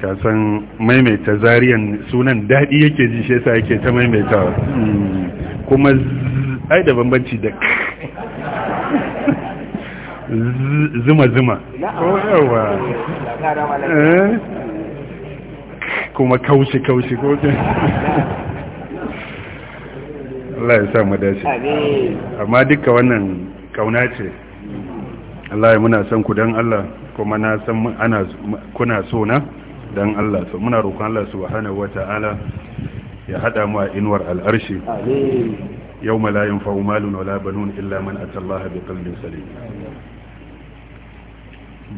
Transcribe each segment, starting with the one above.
ka san maimaita zariyan sunan daɗi yake ji shi yasa yake ta maimaita. Hmm. kuma ai da bambanci da zuma-zuma yawa eh? kuma kaushi-kaushi ke Allah ya sa mu dace amma duka wannan kauna ce Allah ya muna son ku don Allah kuma na san ana kuna so na dan Allah so muna roƙon Allah subhanahu wataala ya hada mu a inuwar al'arshi amin yawma la yanfa'u malun wala banun illa man atallaha biqalbin salim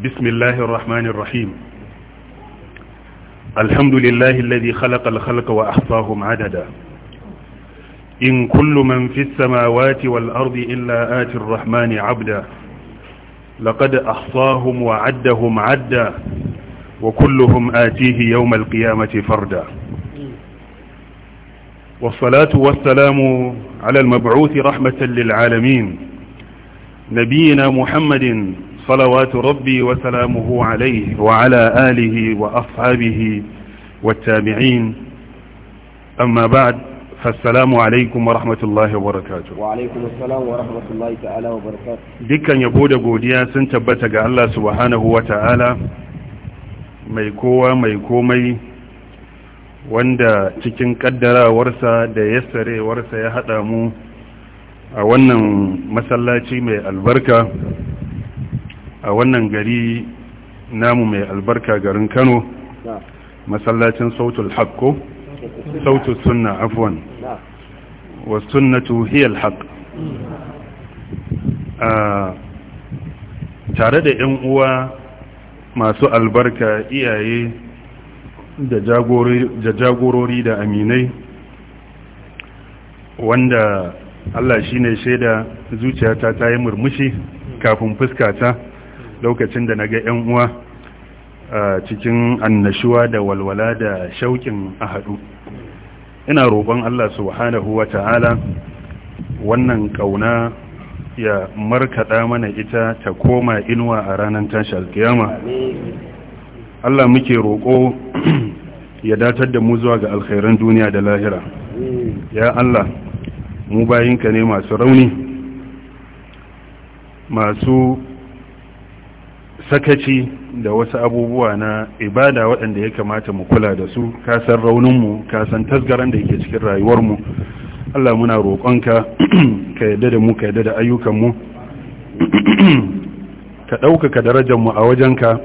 bismillahir rahmanir rahim alhamdulillahi alladhi khalaqal khalqa wa ahsahum adada in kullu man fis samawati wal ardi illa atir rahmani abda لقد أحصاهم وعدهم عدا وكلهم آتيه يوم القيامة فردا والصلاة والسلام على المبعوث رحمة للعالمين نبينا محمد صلوات ربي وسلامه عليه وعلى آله وأصحابه والتابعين أما بعد Assalamu alaikum wa rahmatullahi wa barakatuh. Wa alaikum assalam wa rahmatullahi ta'ala wa barakatuh. Dukkan yabo da godiya sun tabbata ga Allah subhanahu wa ta'ala mai kowa mai komai wanda cikin kaddarawarsa da yassarewarsa ya hada mu a wannan masallaci mai albarka a wannan gari namu mai albarka garin Kano masallacin Sautul Hakko. sautu sunna afwan wa sunnatu hiya alhaq mm. ah, tare da yan uwa masu albarka iyaye da jagorori da aminai wanda Allah shi ne shaida zuciyata ta yi murmushi kafin fuskata lokacin da na ga 'yan uwa cikin annashuwa da walwala da shauƙin a haɗu ina roƙon Allah subhanahu wa ta'ala wannan ƙauna ya markaɗa mana ita ta koma inuwa a ranar tashi alkiyama Allah muke roƙo ya datar da mu zuwa ga alkhairan duniya da lahira ya Allah mu bayinka ne masu rauni masu sakaci da wasu abubuwa na ibada waɗanda ya kamata mu kula da su kasan rauninmu kasan tasgaran da yake cikin rayuwarmu Allah muna roƙonka ka yadda da mu ka yadda da ayyukanmu ka ɗaukaka darajarmu a wajenka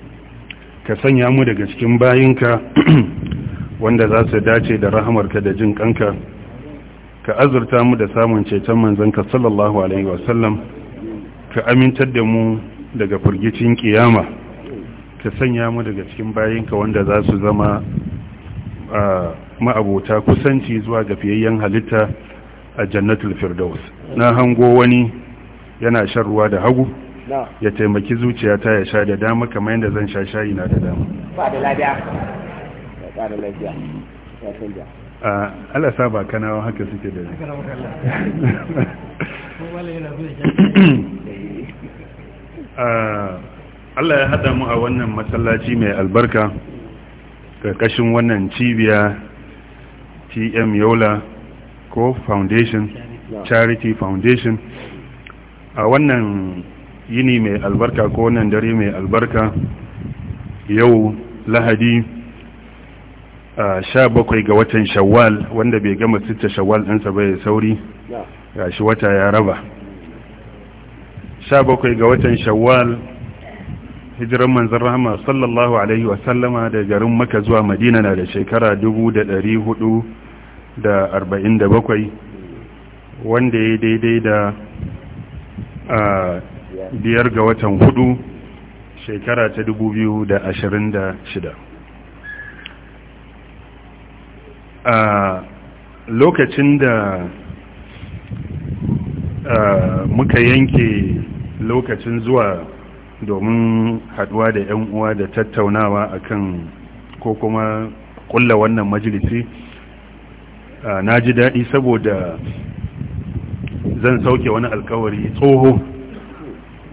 ka sanya mu daga cikin bayinka wanda za su dace da rahamarka da jin kanka ka azurta mu da samun ceton manzanka sallallahu alaihi wasallam ka amintar da mu daga firgicin kiyama ka sanya mu daga cikin bayinka wanda za su zama ma'abota kusanci zuwa ga fiyayyen halitta a jannatul firdaus na hango wani yana shan ruwa da hagu ya taimaki zuciya ta ya sha da dama kamar yadda zan sha shayi na da dama ba da lafiya alasa ba kanawa haka suke da ne Allah ya haɗa mu a wannan matsalaci mai albarka ƙarƙashin wannan cibiya tm yola ko foundation charity foundation a wannan yini mai albarka ko wannan dare mai albarka yau lahadi a sha bakwai ga watan shawwal wanda bai gama sita shawwal ɗansa bai sauri gashi wata ya raba 17 bakwai ga watan shawwal hijiran manzon rahama sallallahu alaihi wa sallama, da garin maka zuwa madina na da shekara 447 wanda ya daidai da biyar ga watan hudu shekara ta 2026 a lokacin da muka yanke lokacin zuwa domin haduwa da 'yan uwa da tattaunawa akan ko kuma kulla wannan majalisi na ji daɗi saboda zan sauke wani alkawari tsoho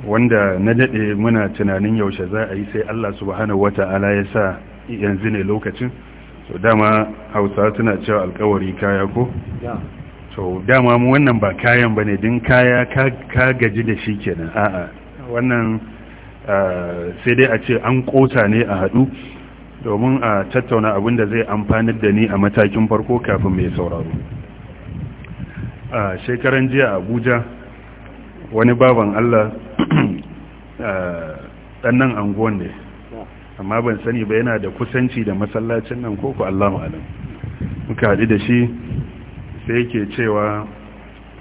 wanda na daɗe muna tunanin yaushe za a yi sai Allah subhanahu wata'ala ya sa yanzu ne lokacin so dama hausa suna cewa alkawari kaya ko so dama mu wannan ba kayan bane din kaya ka gaji da shi kenan a'a wannan sai dai a ce an kota ne a haɗu domin a tattauna abin da zai amfani da ni a matakin farko kafin mai sauraro a shekaran jiya abuja wani baban allah ɗannan anguwan ne amma ban sani ba yana da kusanci da masallacin nan koko allah ma'alam muka haɗu da shi sai yake cewa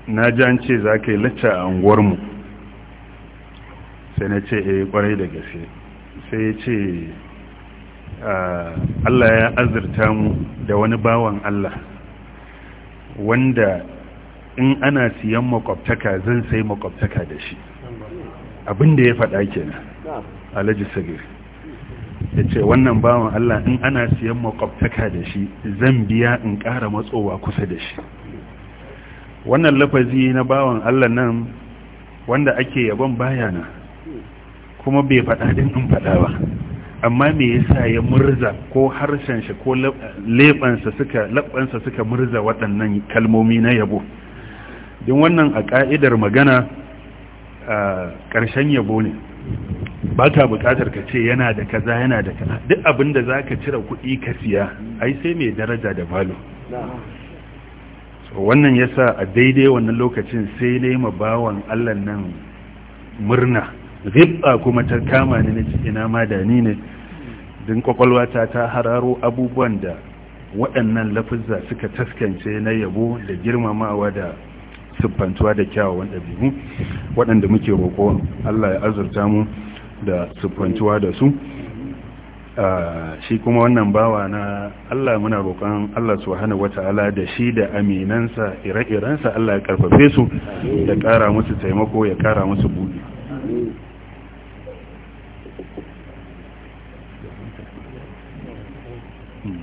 na jan ce za ka yi lacca a unguwarmu sai na ce yi eh, kwarai da gaske sai ya ce ah, Allah ya azurta mu da wani bawan Allah wanda in ana siyan makwabtaka zan sai makwabtaka da shi abinda ya faɗa kenan alhaji sagir ya ce wannan bawan Allah in ana siyan makwabtaka da shi zan biya in ƙara matsowa kusa da shi wannan lafazi na bawan Allah nan wanda ake yabon bayana kuma bai faɗa din in faɗa ba amma me yasa ya murza ko harshen shi ko lebansa suka labbansa suka murza waɗannan kalmomi na yabo din wannan a ka'idar magana ah, ƙarshen yabo ne ba ta bukatar ka ce yana da kaza yana da kaza duk abin da za ka cire kuɗi ka siya ai sai mai daraja da valo wannan yasa a daidai wannan lokacin sai na ma bawan allah nan murna ribba kuma ta kama ni na ina ma da ne din kwakwalwata ta hararo abubuwan da waɗannan lafizza suka taskance na yabo da girmamawa da siffantuwa da kyawawan ɗabi'u waɗanda muke roƙo allah ya azurta mu da sufantuwa da su shi kuma wannan bawa na Allah muna roƙon Allah subhanahu wata'ala da shi da aminansa ire-irensa Allah ya karfafe su ya ƙara musu taimako ya ƙara musu buɗe hmm.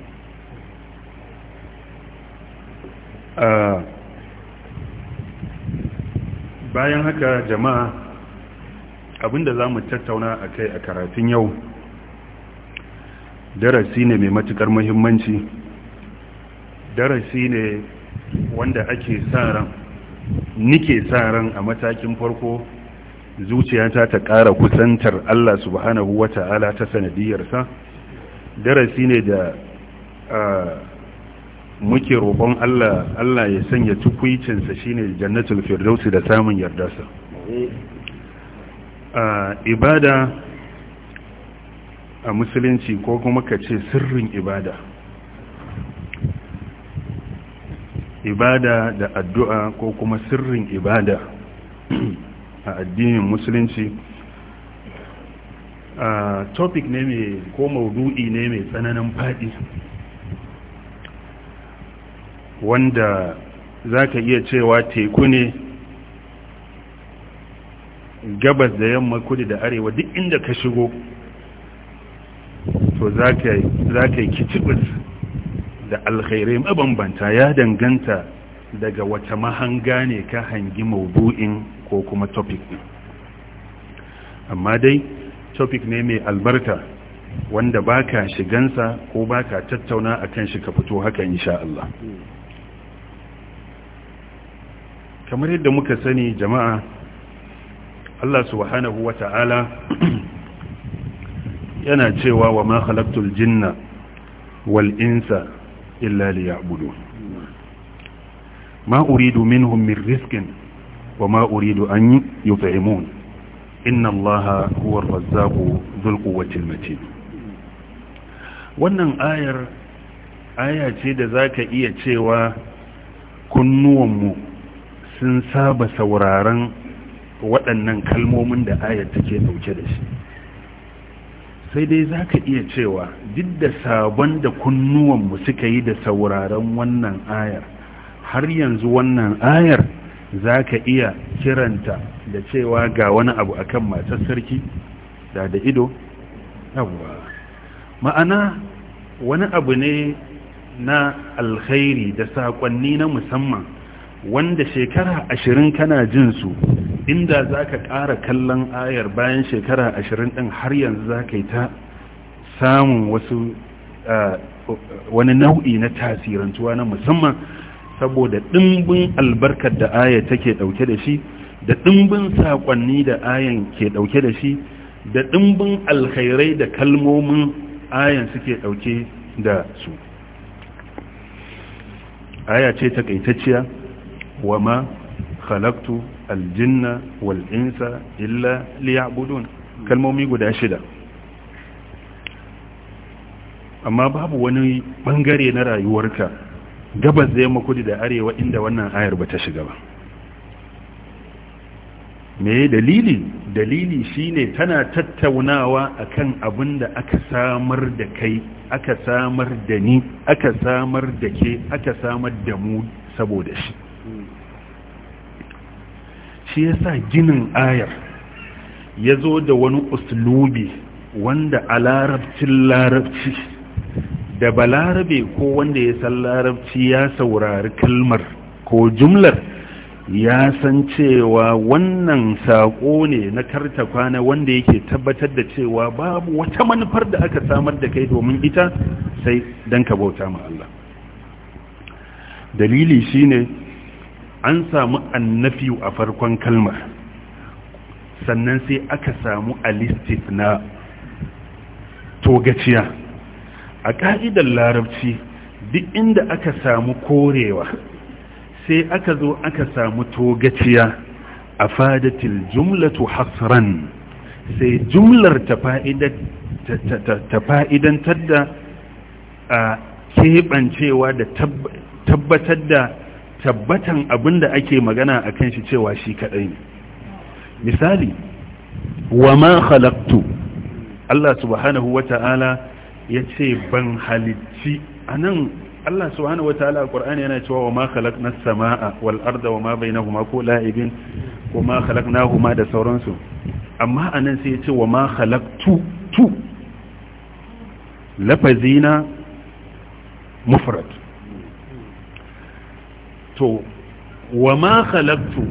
bayan haka jama'a abinda za mu tattauna a kai a karatun yau darasi ne mai matukar muhimmanci darasi ne wanda ake sa ran nike sa ran a matakin farko zuciyata ta ƙara kusantar Allah subhanahu wa ta'ala ta sanadiyarsa darasi ne da muke roƙon Allah Allah ya sanya tukwicinsa shine jannatul firdausi da samun yardarsa a ibada a musulunci ko kuma ka ce sirrin ibada ibada da addu'a ko kuma sirrin ibada a addinin musulunci a topic ne mai ko maudu'i ne mai tsananin faɗi wanda za ka iya cewa teku ne gabas da yamma kudi da arewa duk inda ka shigo to za ka yi kicibis da alkhairai mabambanta ya danganta daga wata mahanga ne ka hangi maudu'in ko kuma topic ne amma dai topic ne mai albarka wanda ba ka shigansa ko ba ka tattauna a kan shi ka fito haka insha Allah kamar yadda muka sani jama'a Allah subhanahu ta'ala yana cewa wa ma khalaqtul jinna wal insa illa liya'budun ma uridu minhum min riskin, wa ma uridu an fahimun, inna Allaha huwa ar-razzaqu dhul wannan ayar aya ce da zaka iya cewa kunnuwanmu sun saba sauraron waɗannan kalmomin da ayar take ɗauke da shi sai dai za ka iya cewa duk da sabon da kunnuwanmu suka yi da sauraron wannan ayar har yanzu wannan ayar za ka iya kiranta da cewa ga wani abu akan matar sarki da da ido yawwa ma'ana wani abu ne na alkhairi da saƙonni na musamman wanda shekara ashirin kana jinsu. inda za ka ƙara kallon ayar bayan shekara ashirin ɗin har yanzu za ka yi ta samun wasu wani nau'i na tasirantuwa na musamman saboda ɗimbin albarkar da ayar take ɗauke da shi da ɗimbin saƙonni da ayar ke ɗauke da shi da ɗimbin alkhairai da kalmomin ayan suke ɗauke da su aya ce takaitacciya wa ma aljinna wal insa illa liya'budun kalmomi guda shida amma babu wani bangare na rayuwarka gabas zai yamma kudu da arewa inda wannan ayar ba ta shiga ba me dalili dalili shine tana tattaunawa akan abin da aka samar da kai aka samar da ni aka samar da ke aka samar da mu saboda shi shi yasa ginin ayar ya zo da wani uslubi wanda a larabcin larabci da ba larabe ko wanda ya san larabci ya saurari kalmar ko jumlar ya san cewa wannan saƙo ne na karta kwana wanda yake tabbatar da cewa babu wata manufar da aka samar da kai domin ita sai don ka bauta ma Allah dalili shine an samu annafi a farkon kalmar sannan sai aka samu alistif na togaciya a ƙa'idar larabci duk inda aka samu korewa sai aka zo aka samu togaciya a fadatil jumlatu hasran sai jumlar ta fa'idantar da a keɓancewa da tabbatar da tabbatan abin da ake magana a kan shi cewa shi kaɗai ne misali wa ma khalaqtu Allah subhanahu wa ta'ala ya ce ban halicci a nan Allah subhanahu wa ta'ala a yana cewa wa ma khalaqna sama'a wal arda wa ma bainahuma ko la'ibin wa ma khalaqnahuma da sauransu amma a nan sai ya ce wa ma khalaqtu tu lafazina mufrad to wa ma khalaqtu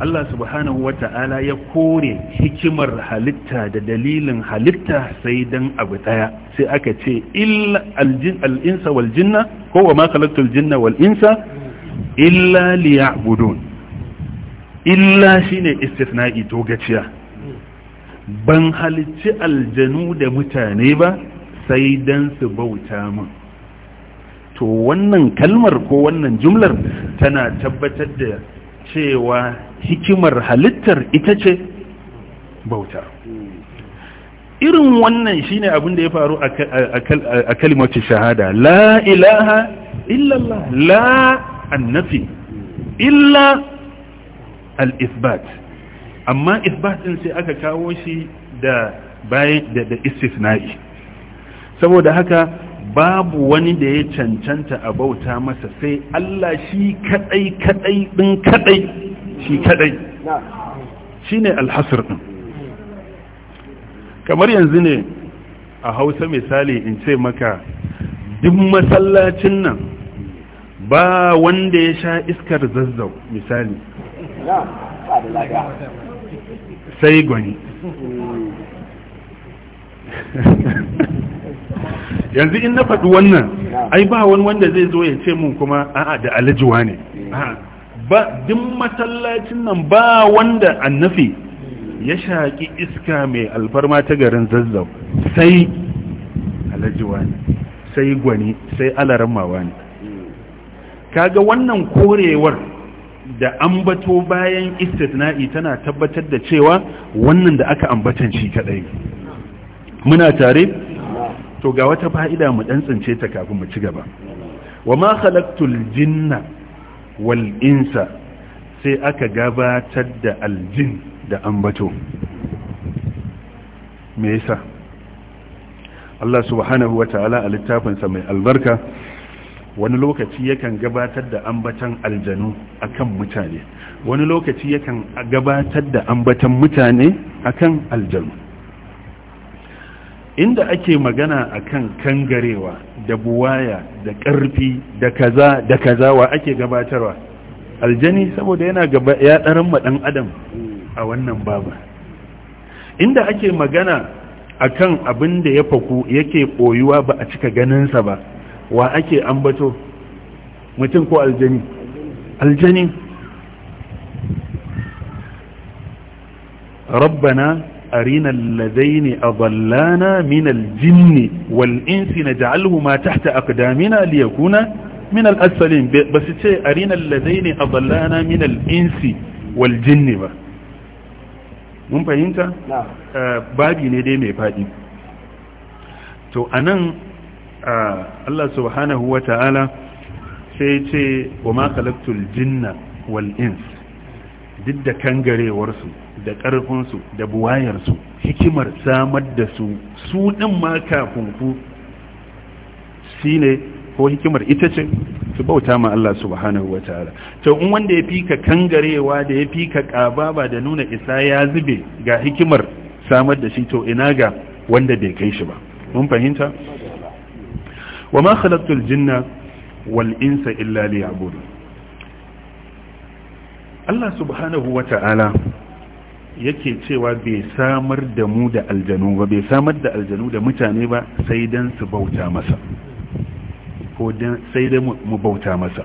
Allah subhanahu wa ta'ala ya kore hikimar halitta da dalilin halitta sai dan abu daya sai aka ce illa al-insa wal jinna ko wa ma khalaqtu al-jinna wal insa illa liya'budun illa shine istithna'i dogaciya ban halicci aljanu da mutane ba sai dan su bauta min to wannan kalmar ko wannan jumlar tana tabbatar da cewa hikimar halittar ita ce bauta irin wannan shine abin da ya faru a kalimacin shahada la ilaha illallah la annafi illa al-isbat amma isbat din sai aka kawo shi da bayan da istisna'i saboda haka babu wani da ya cancanta a bauta masa sai Allah shi kadai kadai din kadai shi kadai shine alhasr din kamar yanzu ne a Hausa misali in ce maka duk masallacin nan ba wanda ya sha iskar zazzau misali sai gwani yanzu in na faɗi wannan ai ba wani wanda zai zo ya ce mun kuma a'a da alajuwa ne ba duk masallacin nan ba wanda annafi ya shaƙi iska mai alfarma ta garin zazzau sai alajuwa ne sai gwani sai mawa ne kaga wannan korewar da ambato bayan istitna'i tana tabbatar da cewa wannan da aka ambatan shi kadai muna tare to ga wata fa'ida mu dan tsince ta kafin mu ci gaba wa ma khalaqtul jinna wal'insa sai aka gabatar da aljin da ambato me yasa Allah subhanahu ta'ala a littafinsa mai albarka wani lokaci yakan gabatar da ambatan aljanu akan mutane wani lokaci yakan gabatar da ambatan mutane akan aljanu inda ake magana a kan kangarewa da buwaya da ƙarfi da kaza da kaza wa ake gabatarwa aljani saboda yana gaba ya ɗaran maɗan adam a wannan baba inda ake magana akan abin da ya faku yake ɓoyuwa ba a cika ganinsa ba wa ake ambato mutum ko aljani aljani rabbana أرنا الذين أضلانا من الجن والإنس نجعلهما تحت أقدامنا ليكون من الأسفلين بس تشي أرنا الذين أضلانا من الإنس والجن با mun fahimta? babi ne dai mai faɗi to a nan Allah subhanahu wa ta'ala sai ce wa makalaktul jinna wal'ins duk da kangarewarsu da ƙarfinsu da buwayarsu hikimar samar da su su ɗin ma kafin ku shi ko hikimar ita ce su bauta ma Allah subhanahu wa ta'ala to in wanda ya fika ka kangarewa da ya fika ka ba da nuna isa ya zube ga hikimar samar da shi to ina ga wanda bai kai shi ba mun fahimta wa ma khalaqtul jinna wal insa illa liya'budun Allah subhanahu wa ta'ala yake cewa bai samar da mu da aljanu ba bai samar da aljanu da mutane ba sai don su bauta masa ko sai don mu bauta masa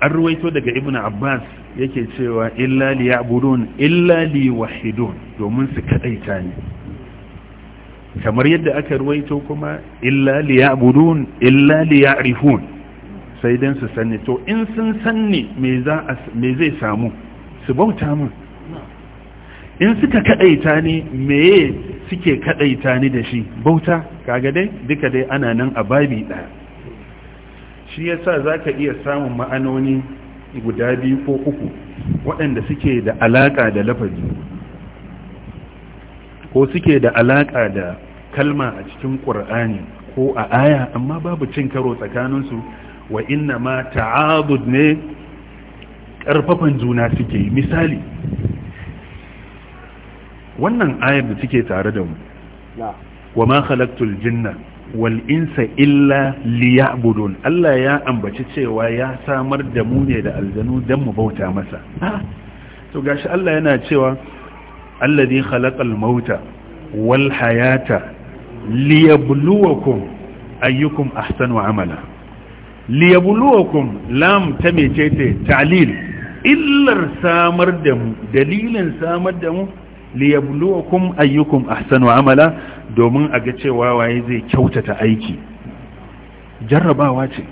an ruwaito daga ibn abbas yake cewa illa li ya'budun illa li wahidun domin su kadaita ne kamar yadda aka ruwaito kuma illa li ya'budun illa li ya'rifun sai dan su sanni to in sun sanni me zai samu su bauta min in suka kadaita ni meye suke kadaita ni da shi bauta kaga dai duka dai ana nan a babi daya shi yasa zaka iya samun ma'anoni guda biyu ko uku waɗanda suke da alaka da lafazi ko suke da alaka da kalma a cikin ƙur'ani ko a aya amma babu cin karo tsakaninsu wa inna ma ta'abud ne ƙarfafan juna suke yi misali wannan ayar da suke tare da mu wa ma khalaqtul jinna wal insa illa liya'budun Allah ya ambaci cewa ya samar da mu ne da aljanu dan mu bauta masa to gashi Allah yana cewa alladhi khalaqal mauta wal hayata liyabluwakum ayyukum ahsanu amala liyabluwakum lam ta mecece ta'lil illar samar da mu dalilin samar da mu liyabluwakum ayyukum ahsanu amala domin a ga cewa waye zai kyautata aiki jarrabawa ce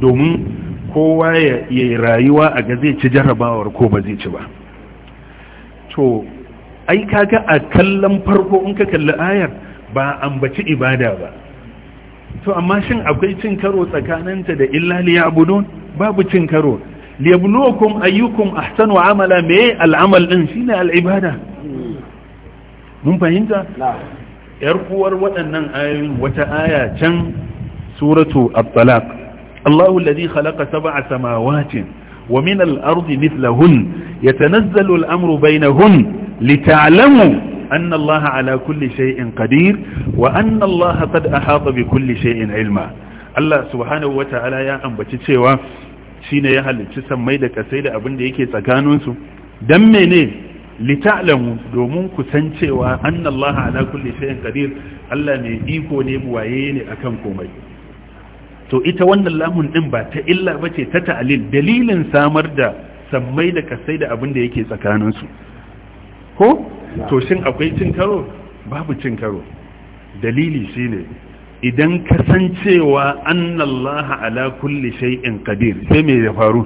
domin kowa ya yi rayuwa a ga zai ci jarrabawar ko ba zai ci ba to ai kaga a kallon farko in ka kalli ayar ba ambaci ibada ba to amma shin akwai cin karo tsakaninta da illa liya'budun babu cin karo liyabluwakum ayyukum ahsanu amala me al'amal din shine al'ibada mun fahimta yar kuwar waɗannan ayoyin wata aya can suratu at-talaq Allahu alladhi khalaqa sab'a samawati wa min al-ardi mithlahun yatanazzalu al-amru bainahun lita'lamu أن الله على كل شيء قدير وأن الله قد أحاط بكل شيء علما الله سبحانه وتعالى يا أنبتي cewa shine ya halicci sammai da kasai da abin da yake tsakaninsu dan mene lita'lamu domin kusan cewa annallaha ala kulli shay'in qadir Allah mai iko ne buwaye ne akan komai to ita wannan lamun ɗin ba ta illa bace ta ta'lil dalilin samar da sammai da kasai da abin da yake tsakaninsu ko to shin akwai cin karo babu cin karo dalili shine idan ka san cewa annallaha ala kulli shay'in qadir sai me ya faru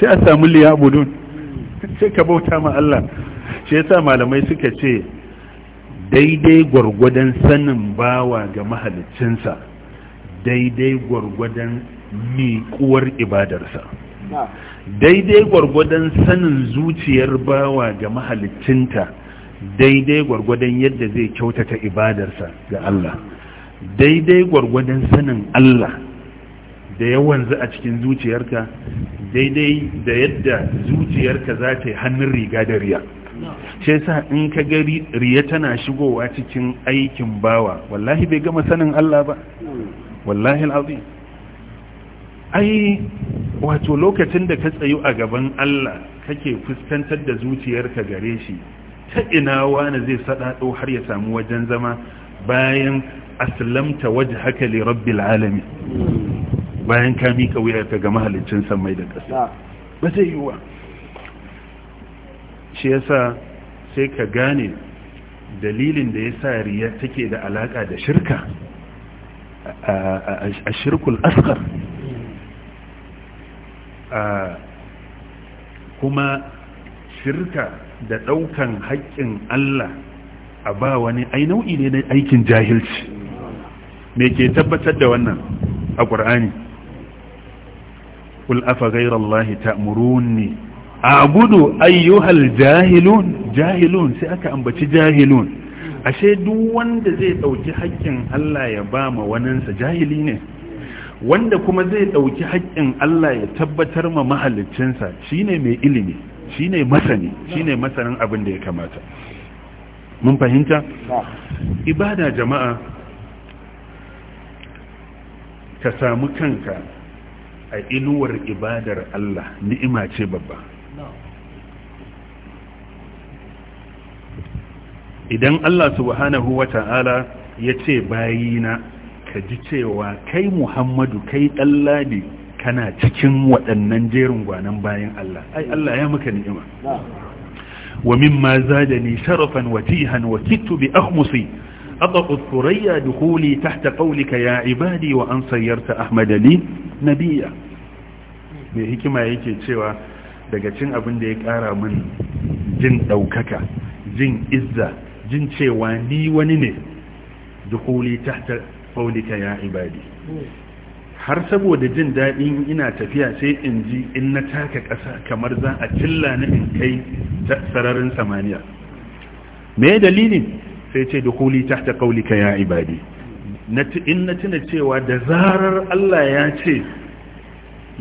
sai a samu liyabudun sai ka bauta ma Allah shi yasa malamai suka ce daidai gurgudan sanin bawa ga mahaliccinsa daidai gurgudan miƙuwar ibadarsa daidai gwargwadon sanin zuciyar bawa ga mahalicinta daidai gwargwadon yadda zai kyautata ibadarsa ga Allah daidai gwargwadon sanin Allah da yawan a cikin zuciyarka daidai da yadda zuciyarka za ta yi hannun riga da riya shi sa in ka ga riya tana shigowa cikin aikin bawa wallahi bai gama sanin Allah ba wallahi al'azim ai wato lokacin da ka tsayu a gaban Allah kake fuskantar da zuciyarka gare shi ta ina wani zai sadado har ya samu wajen zama bayan aslamta wajhaka li rabbil alamin bayan ka mika wuyarka ga mahalicin samai da ƙasa ba zai yiwa shi yasa sai ka gane dalilin da yasa riya take da alaka da shirka a shirkul asghar kuma shirka da ɗaukan haƙƙin Allah a ba wani ai nau'i ne na aikin jahilci me ke tabbatar da wannan a ƙur'ani kul afa ghairallahi A a'budu ayyuhal jahilun jahilun sai aka ambaci jahilun ashe duk wanda zai ɗauki haƙƙin Allah ya ba ma waninsa jahili ne wanda kuma zai ɗauki haƙƙin Allah ya tabbatar ma mahalicinsa shine mai ilimi shine masani shine masanin abin da ya kamata mun fahimta ibada jama'a ka samu kanka a inuwar ibadar Allah ni'ima ce babba idan Allah subhanahu ta'ala ya ce bayina ka ji cewa kai muhammadu kai ɗalladi kana cikin waɗannan jerin gwanan bayan Allah ai Allah ya maka ni'ima wa mimma zadani sharafan wa tihan wa kittu bi akhmusi أطق الثريا دخولي تحت قولك يا عبادي وأن صيرت أحمد لي نبيا mai hikima yake cewa daga cin abin da ya ƙara min jin ɗaukaka jin izza jin cewa ni wani ne dukuli tahta qawlika ya ibadi har saboda jin daɗin ina tafiya sai in ji in na taka ƙasa kamar za a killa ni in kai sararin samaniya me dalilin sai ce da huli tahta qaulika ya ibadi in na tuna cewa da zarar Allah ya ce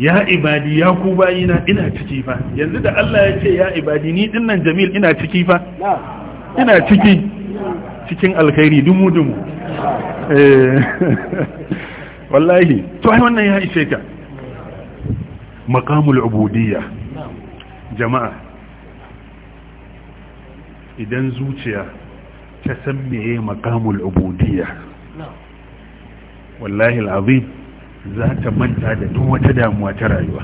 ya ibadi ya ku bayina ina ciki fa yanzu da Allah ya ce ya ibadi ni dinnan jamil ina ciki fa ina ciki cikin alkhairi dumu dumu Eh. wallahi to ai wannan ya ishe ka maqamul ubudiyya jama'a idan zuciya ta san meye maqamul ubudiyya wallahi alazim za ta manta da duk wata damuwa ta rayuwa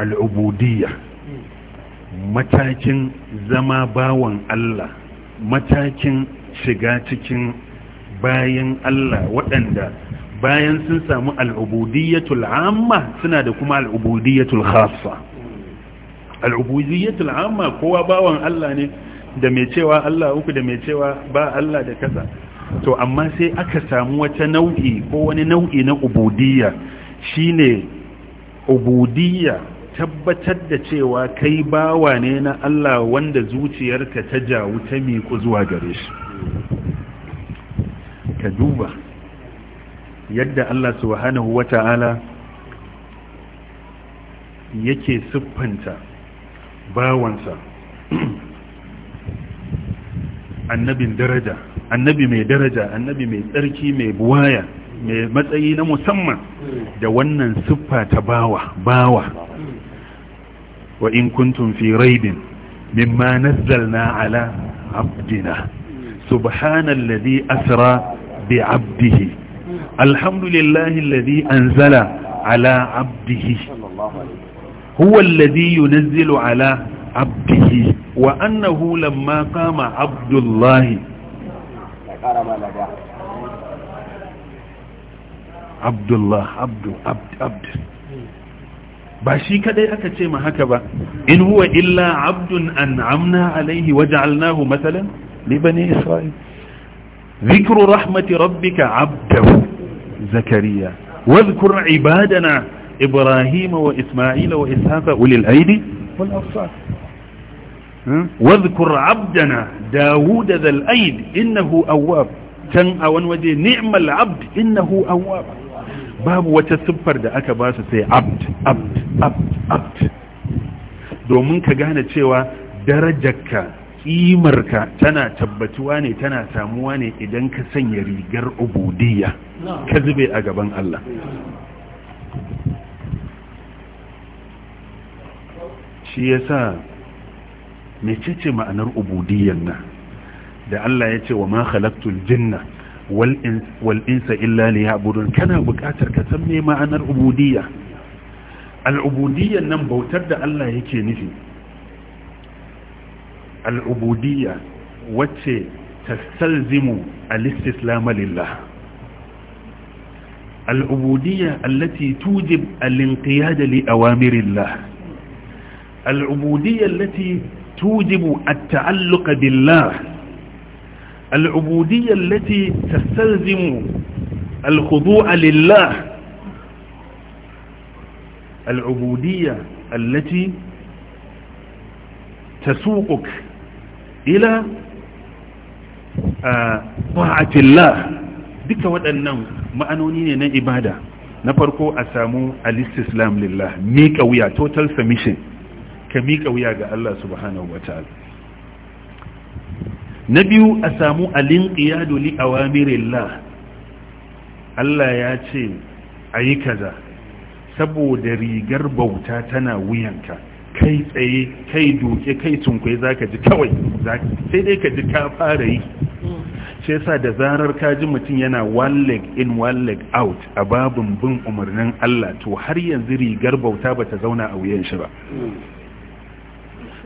al'ubudiyya matakin zama bawan Allah matakin shiga cikin bayan Allah waɗanda bayan sun samu al'ubudiyyatul amma suna da kuma al'ubudiyyatul khasa. al'ubudiyyatul amma kowa bawan Allah ne da mai cewa Allah uku da mai cewa ba Allah da kasa to amma sai aka samu wata nau'i ko wani nau'i na ubudiyya shine ubudiyya tabbatar da cewa kai bawa ne na Allah wanda zuciyarka ta jawo ta miƙo zuwa gare shi ka duba yadda Allah subhanahu ta'ala yake siffanta bawansa annabin daraja annabi mai daraja annabi mai tsarki mai buwaya mai matsayi na musamman da wannan siffa ta bawa bawa wa in kuntum fi raibin mimma nazzalna ala abdina subhanallazi asra bi abdihi alhamdulillahi allazi anzala ala abdihi huwa allazi yunzilu ala abdihi wa annahu lamma qama abdullahi abdullah abdu abd ba shi kadai aka ce ma haka ba in huwa illa abdun an'amna alaihi waja'alnahu matalan libani zikru rahmati rabbika abdahu zakariya wadhkur ibadana ibrahima wa isma'ila wa ishaqa ulil aidi wal واذكر عبدنا داود ذا الأيد إنه أواب a wani waje ni'mal abd innahu awwab babu wata siffar da aka ba sai abd abd abd domin ka gane cewa darajarka ƙimarka tana tabbatuwa ne tana samuwa ne idan ka sanya rigar ubudiyya ka zube a gaban Allah shi ya yasa mecece ma'anar ubudiyyar na, da Allah ya ce wa ma khalaqtul jinna wal insa illa liya'budun kana buƙatar ka san me ma'anar ubudiyya al nan bautar da Allah yake nufi العبودية وتي تستلزم الاستسلام لله العبودية التي توجب الانقياد لأوامر الله العبودية التي توجب التعلق بالله العبودية التي تستلزم الخضوع لله العبودية التي تسوقك ila ta'atillah ah, duka waɗannan ma'anoni ne na ibada na farko a samu al lillah miƙa wuya total submission ka miƙa wuya ga Allah subhanahu ta'ala na biyu a samu al-inqiyadu li awamirillah Allah ya ce ayi kaza saboda rigar bauta tana wuyanka kai tsaye kai duke kai tunkwai zaka ji kawai sai dai ka ji ka fara yi shi yasa da zarar ka ji mutum yana one leg in one leg out a babin bin umarnin Allah to har yanzu rigar bauta bata zauna a wuyan shi ba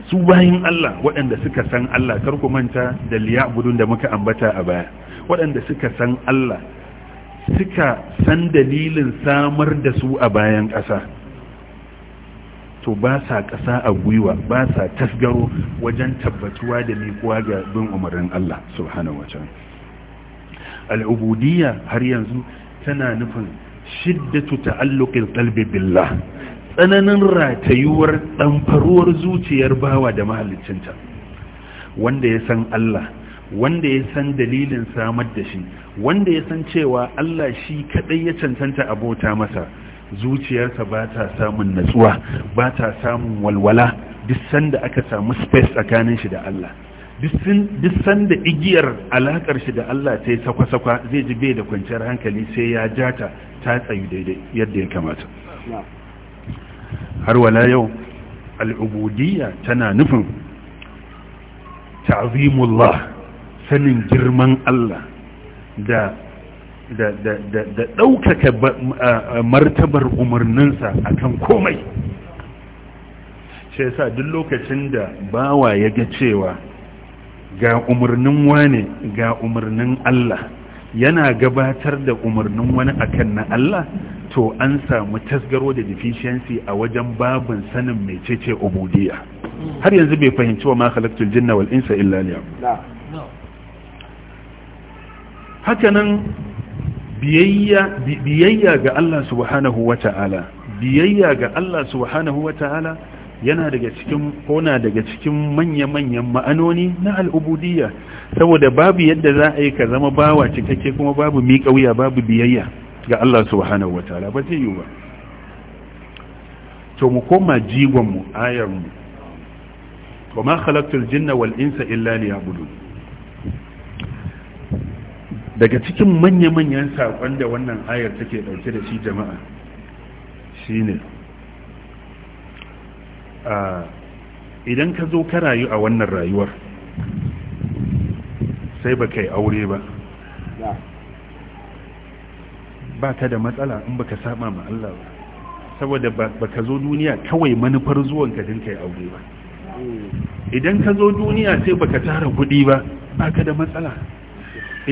su bayin Allah waɗanda suka san Allah kar ku manta da gudun da muka ambata a baya waɗanda suka san Allah suka san dalilin samar da su a bayan ƙasa to ba sa ƙasa a gwiwa ba sa tasgaro wajen tabbatuwa da miƙuwa ga bin umarnin Allah subhanahu wa ta'ala har yanzu tana nufin shiddatu ta'alluqil qalbi billah tsananin ratayuwar faruwar zuciyar bawa da mahaliccinta wanda ya san Allah wanda ya san dalilin samar da shi wanda ya san cewa Allah shi kadai ya cancanta abota masa zuciyarsa ba ta samun natsuwa ba ta samun walwala duk sanda aka samu space tsakanin shi da Allah duk sanda igiyar alakar shi da Allah ta yi sakwa-sakwa zai ji bai da kwanciyar hankali sai ya jata ta tsayu daidai yadda ya kamata har wala yau al'ubudiyya tana nufin ta'zimullah sanin girman Allah da da ɗaukaka martabar umarninsa a kan komai shi yasa duk lokacin da bawa ya ga cewa ga umarnin wane ga umarnin Allah yana gabatar da umarnin wani akan na Allah to an samu tasgaro da deficiency a wajen babun sanin mai cece ubudiya har yanzu bai fahimci wa ma khalaqtul jinna wal insa illa liya'budun hakanan biyayya ga Allah subhanahu wa ta'ala biyayya ga Allah subhanahu wa ta'ala yana daga cikin kona daga cikin manya-manyan ma'anoni na al'ubudiyya saboda babu yadda za a yi ka zama bawa cikakke kuma babu kauya babu biyayya ga Allah subhanahu wa ta'ala ba zai yi ba to mu koma jigonmu ayarmu wa ma khalaqtul jinna wal insa illa liya'budun daga cikin manya-manyan saƙon da wannan ayar take ɗauke da shi jama'a shi ne, idan ka zo ka rayu a wannan rayuwar sai ba yi aure ba ba ka da matsala in ba ka saba ma Allah ba saboda ba ka zo duniya kawai manufar zuwan ka dinka yi aure ba hmm. idan ka zo duniya sai baka tara kuɗi ba ba ka da matsala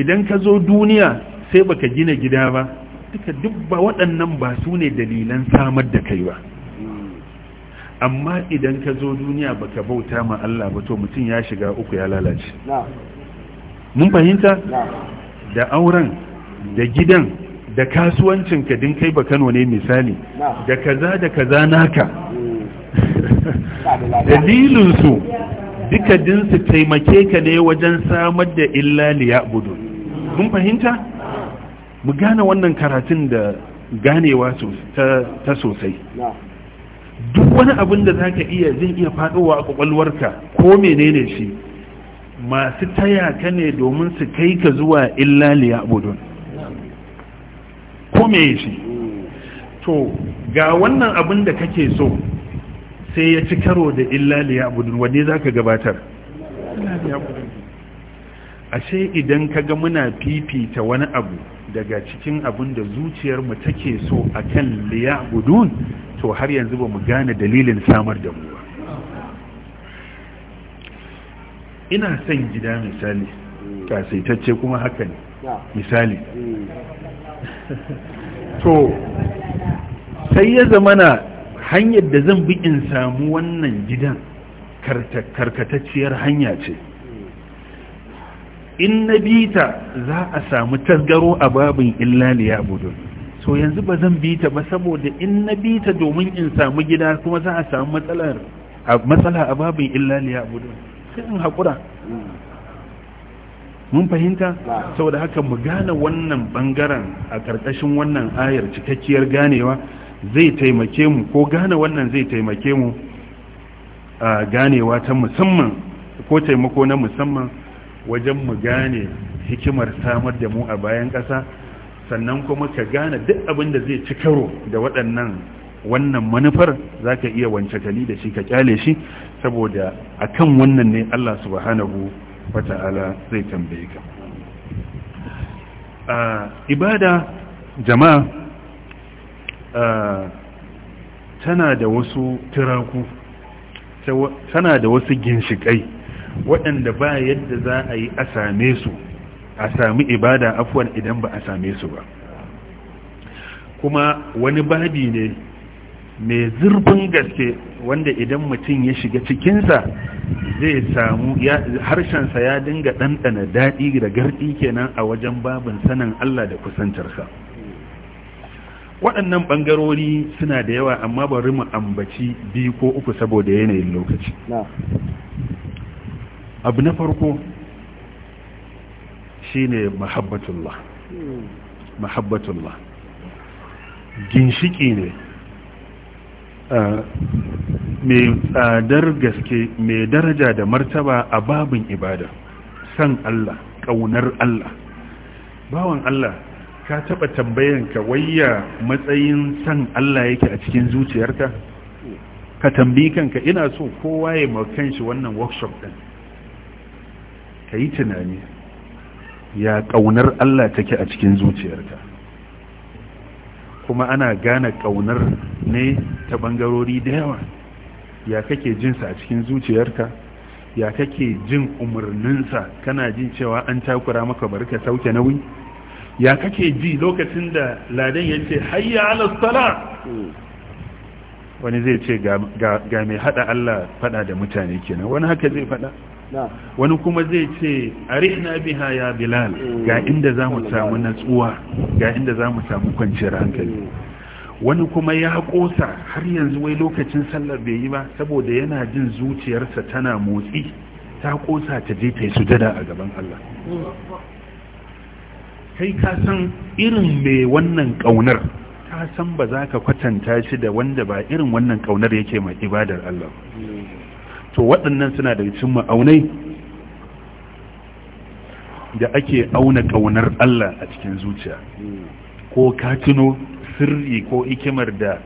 idan ka zo duniya sai baka gina gida ba duka duk ba waɗannan ba su ne dalilan samar da kai ba amma idan ka zo duniya baka bauta ma Allah ba to mutum ya shiga uku ya lalace mun fahimta da auren da gidan da kasuwancin ka din kai ba Kano ne misali da kaza da kaza naka dalilinsu su duka din su taimake ka ne wajen samar da illa liyabudu mun fahimta mu gane wannan karatun da ganewa ta sosai duk wani abin da zaka iya zin iya faɗowa a kwakwalwarka ko menene shi masu taya ka ne domin su kai ka zuwa illa liya'budun ko me shi to ga wannan abin da kake so sai ya ci karo da illa liya'budun wanne zaka gabatar ashe idan kaga muna fifita wani abu daga cikin abin da zuciyar mu take so a kan liya gudun to har yanzu ba mu gane dalilin samar da mu ba ina son gida misali kasaitacce kuma haka ne misali to sai ya zamana hanyar da zan bi in samu wannan gidan karkatacciyar hanya ce in na bita za a samu tasgaro a babin illa ya budu so yanzu ba zan ta ba saboda in na bita domin in samu gida kuma za a samu matsala a babin illa ya budu sai in haƙura mun fahimta saboda haka mu gane wannan bangaren a ƙarƙashin wannan ayar cikakkiyar ganewa zai taimake mu ko gane wannan zai taimake mu a ganewa ta musamman ko taimako na musamman wajen mu gane hikimar samar da mu a bayan ƙasa sannan kuma ka gane duk abin da zai ci karo da waɗannan wannan manufar za ka iya wance kali da shi ka kyale shi saboda a kan wannan ne Allah subhanahu wa ta'ala zai tambaye ka ibada jama'a tana da wasu tiraku tana da wasu ginshiƙai waɗanda ba yadda za a yi a same su a sami ibada afuwar idan ba a same su ba kuma wani babi ne mai zurfin gaske wanda idan mutum ya shiga cikinsa zai samu harshensa ya dinga ɗanɗana daɗi da garɗi kenan a wajen babin sanin Allah da kusantarsa waɗannan ɓangarori suna da yawa amma bari mu ambaci biyu ko uku saboda yanayin lokaci abu na farko shine mahabbatullah mahabbatullah ginshiki ne mai tsadar gaske mai daraja da martaba a babin ibada san Allah ƙaunar Allah bawan Allah ka taɓa tambayanka wayya matsayin san Allah yake a cikin zuciyarka ka tambi kanka ina so kowa ya shi wannan workshop ɗin ka yi tunani ya ƙaunar Allah take a cikin zuciyarka kuma ana gane ƙaunar ne ta ɓangarori da yawa ya kake jinsa a cikin zuciyarka ya kake jin umarninsa kana jin cewa an takura maka barka sauke nauyi ya kake ji lokacin da ladan ya ce hayya ala sala wani zai ce ga mai hada Allah fada da mutane kenan wani haka zai fada wani kuma zai ce rihna biha ya bilal ga mm. inda za mu samu natsuwa ga inda za mu samu kwanciyar hankali mm. wani kuma ya kosa har yanzu wai lokacin sallar bai yi ba saboda yana jin zuciyarsa tana motsi ta kosa ta je ta yi sujada a gaban Allah kai ka san irin mai wannan kaunar ka san ba za ka kwatanta shi da wanda ba irin wannan kaunar yake mai ibadar Allah ba to waɗannan suna da cin ma'aunai da ake auna ƙaunar Allah a cikin zuciya ko ka sirri ko ikimar da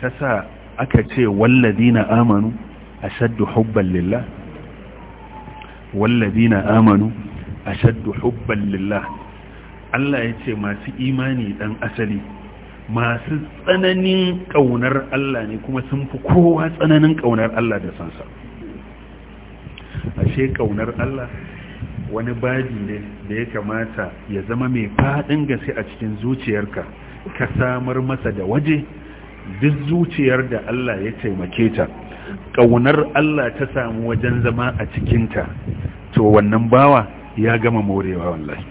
ta sa aka ce walladina amanu ashaddu hubban lillah walladina amanu shaddu hubban lillah Allah ya ce masu imani dan asali masu tsananin ƙaunar Allah ne kuma sun fi kowa tsananin ƙaunar Allah da sansa ashe ƙaunar Allah wani baji ne da ya kamata ya zama mai faɗin gaske a cikin zuciyarka ka samar masa da waje duk zuciyar da Allah ya taimake ta ƙaunar Allah ta samu wajen zama a cikinta to wannan bawa ya gama morewa wallahi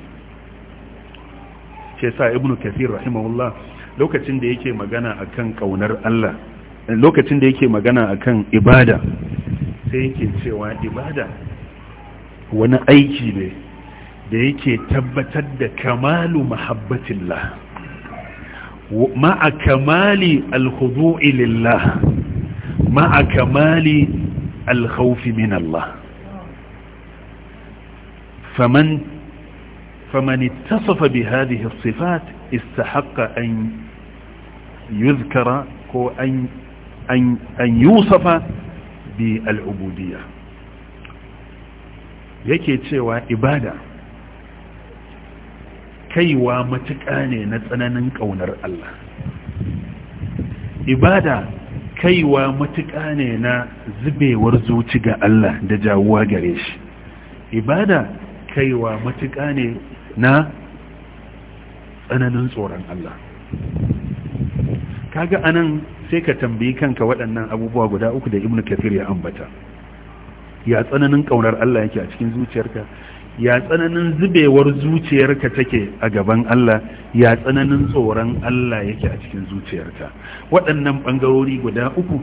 ke sa ibnu kathir rahimahullah lokacin da yake magana akan kaunar Allah lokacin da yake magana akan ibada sai yake cewa ibada wani aiki ne da yake tabbatar da kamalu mahabbatillah ma'a kamali alhudu'i lillah ma'a kamali alkhawfi min Allah faman فمن اتصف بهذه الصفات استحق أن يذكر أن, أن, أن يوصف بالعبودية yake cewa ibada kaiwa matuƙa ne na tsananin ƙaunar Allah ibada kaiwa matuƙa ne na zubewar zuci ga Allah da jawuwa gare shi ibada kaiwa matuƙa ne na tsananin tsoron Allah kaga anan sai ka tambayi kanka waɗannan abubuwa guda uku da ibnu kathir ya ambata ya tsananin ƙaunar Allah yake a cikin zuciyarka ya tsananin zubewar zuciyarka take a gaban Allah ya tsananin tsoron Allah yake a cikin zuciyarka waɗannan ɓangarori guda uku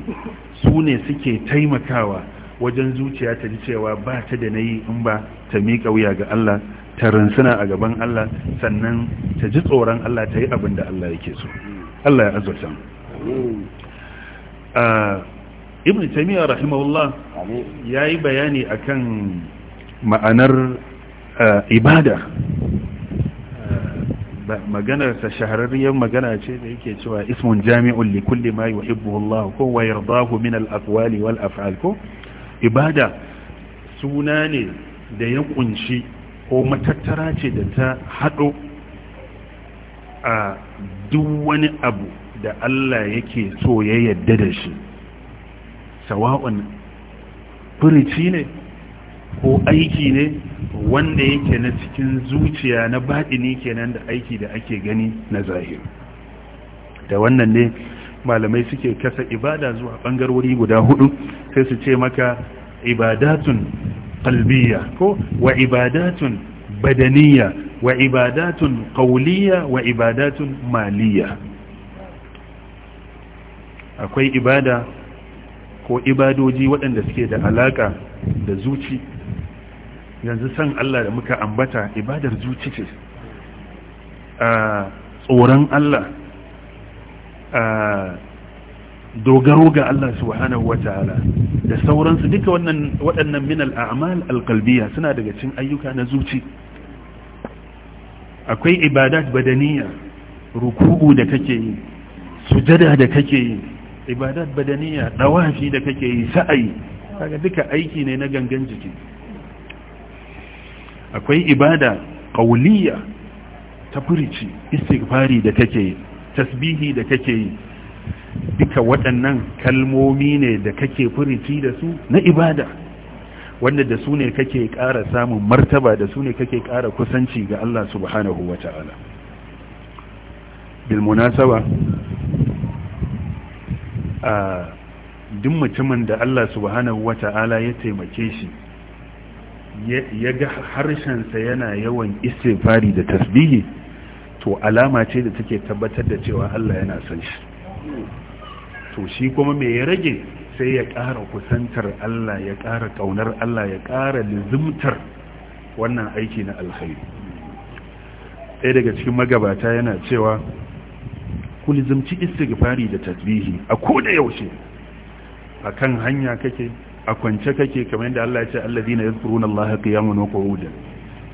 su ne suke taimakawa wajen zuciya ta ji cewa ba ta da nayi in ba ta miƙa wuya ga Allah ta rinsuna a gaban Allah sannan ta ji tsoron Allah ta yi abin da Allah yake so Allah ya azurta ah, ibn taymiyyah rahimahullah yayi bayani akan ma'anar ah, ibada ah, maganarsa shahararriyar magana ce da yake cewa ismun jami'un likulli kulli ma yuhibbu ko wa yardahu min al wal af'al ko ibada suna ne da ya kunshi ko matattara ce da ta haɗo a duk wani abu da Allah yake so ya yadda da shi sawa'un furici ne ko aiki ne wanda yake na cikin zuciya na baɗi baɗini kenan da aiki da ake gani na zahiri da wannan ne malamai suke kasa ibada zuwa ɓangarori guda hudu sai su ce maka ibadatun qalbiyya ko wa ibadatun badaniyya wa ibadatun qawliyya wa ibadatun maliyya akwai ibada ko ibadoji waɗanda suke da alaka da zuci yanzu san Allah da muka ambata ibadar zuci ce a ah, tsoron Allah a ah, dogaro ga Allah subhanahu wa ta'ala da sauransu duka waɗannan min al'amal alƙalbiya suna daga cikin ayyuka na zuci akwai ibadat badaniya ruku'u da kake yi sujada da kake yi ibadat badaniya dawafi da kake yi sa'ayi kaga duka aiki ne na gangan jiki akwai ibada qauliya ta furici istighfari da kake yi tasbihi da kake yi duka waɗannan kalmomi ne da kake furici da su na ibada wanda da su ne kake ƙara samun martaba da su ne kake ƙara kusanci ga Allah subhanahu wa ta'ala bilmunasaba a duk mutumin da Allah subhanahu wa ta'ala ya taimake shi ya ga harshensa yana yawan istifari da tasbihi to alama ce da take tabbatar da cewa Allah yana son shi to shi kuma mai ya rage sai ya ƙara kusantar Allah ya ƙara ƙaunar Allah ya ƙara lizimtar wannan aiki na alkhairi ɗaya daga cikin magabata yana cewa ku lizimci istighfari da tasbihi a koda yaushe akan hanya kake a kwance kake kamar yadda Allah ya ce alladina yadhkuruna Allah qiyaman wa qu'udan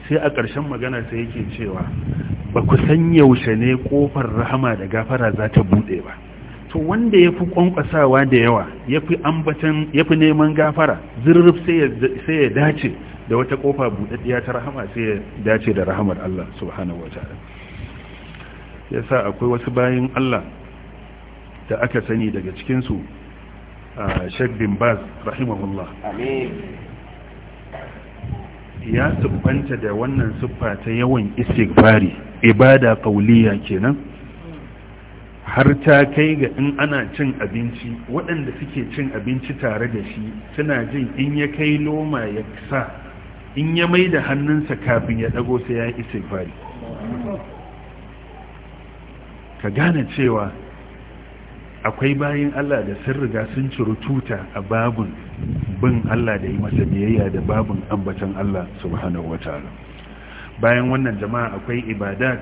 sai a ƙarshen magana sai yake cewa ba ku san yaushe ne kofar rahama da gafara za ta bude ba to wanda ya fi kwankwasawa da yawa ya fi yafi neman gafara zirrif sai ya dace da wata ƙofa buɗaɗɗiya ta rahama sai ya dace da rahamar Allah subhanahu wa ta'ala ya sa akwai wasu bayan Allah da aka sani daga cikinsu a Bin baz rahimahullah ya siffanta da wannan siffa ta yawan istighfari ibada kauliya kenan har ta kai ga in ana cin abinci waɗanda suke cin abinci tare da shi suna jin in ya kai loma ya sa in ya mai da hannunsa kafin ya ɗago sai ya yi istighfari ka gane cewa akwai bayan Allah da sun riga sun ciri tuta a babun bin Allah da yi masa biyayya da babun ambatan Allah subhanahu ta'ala bayan wannan jama'a akwai ibadat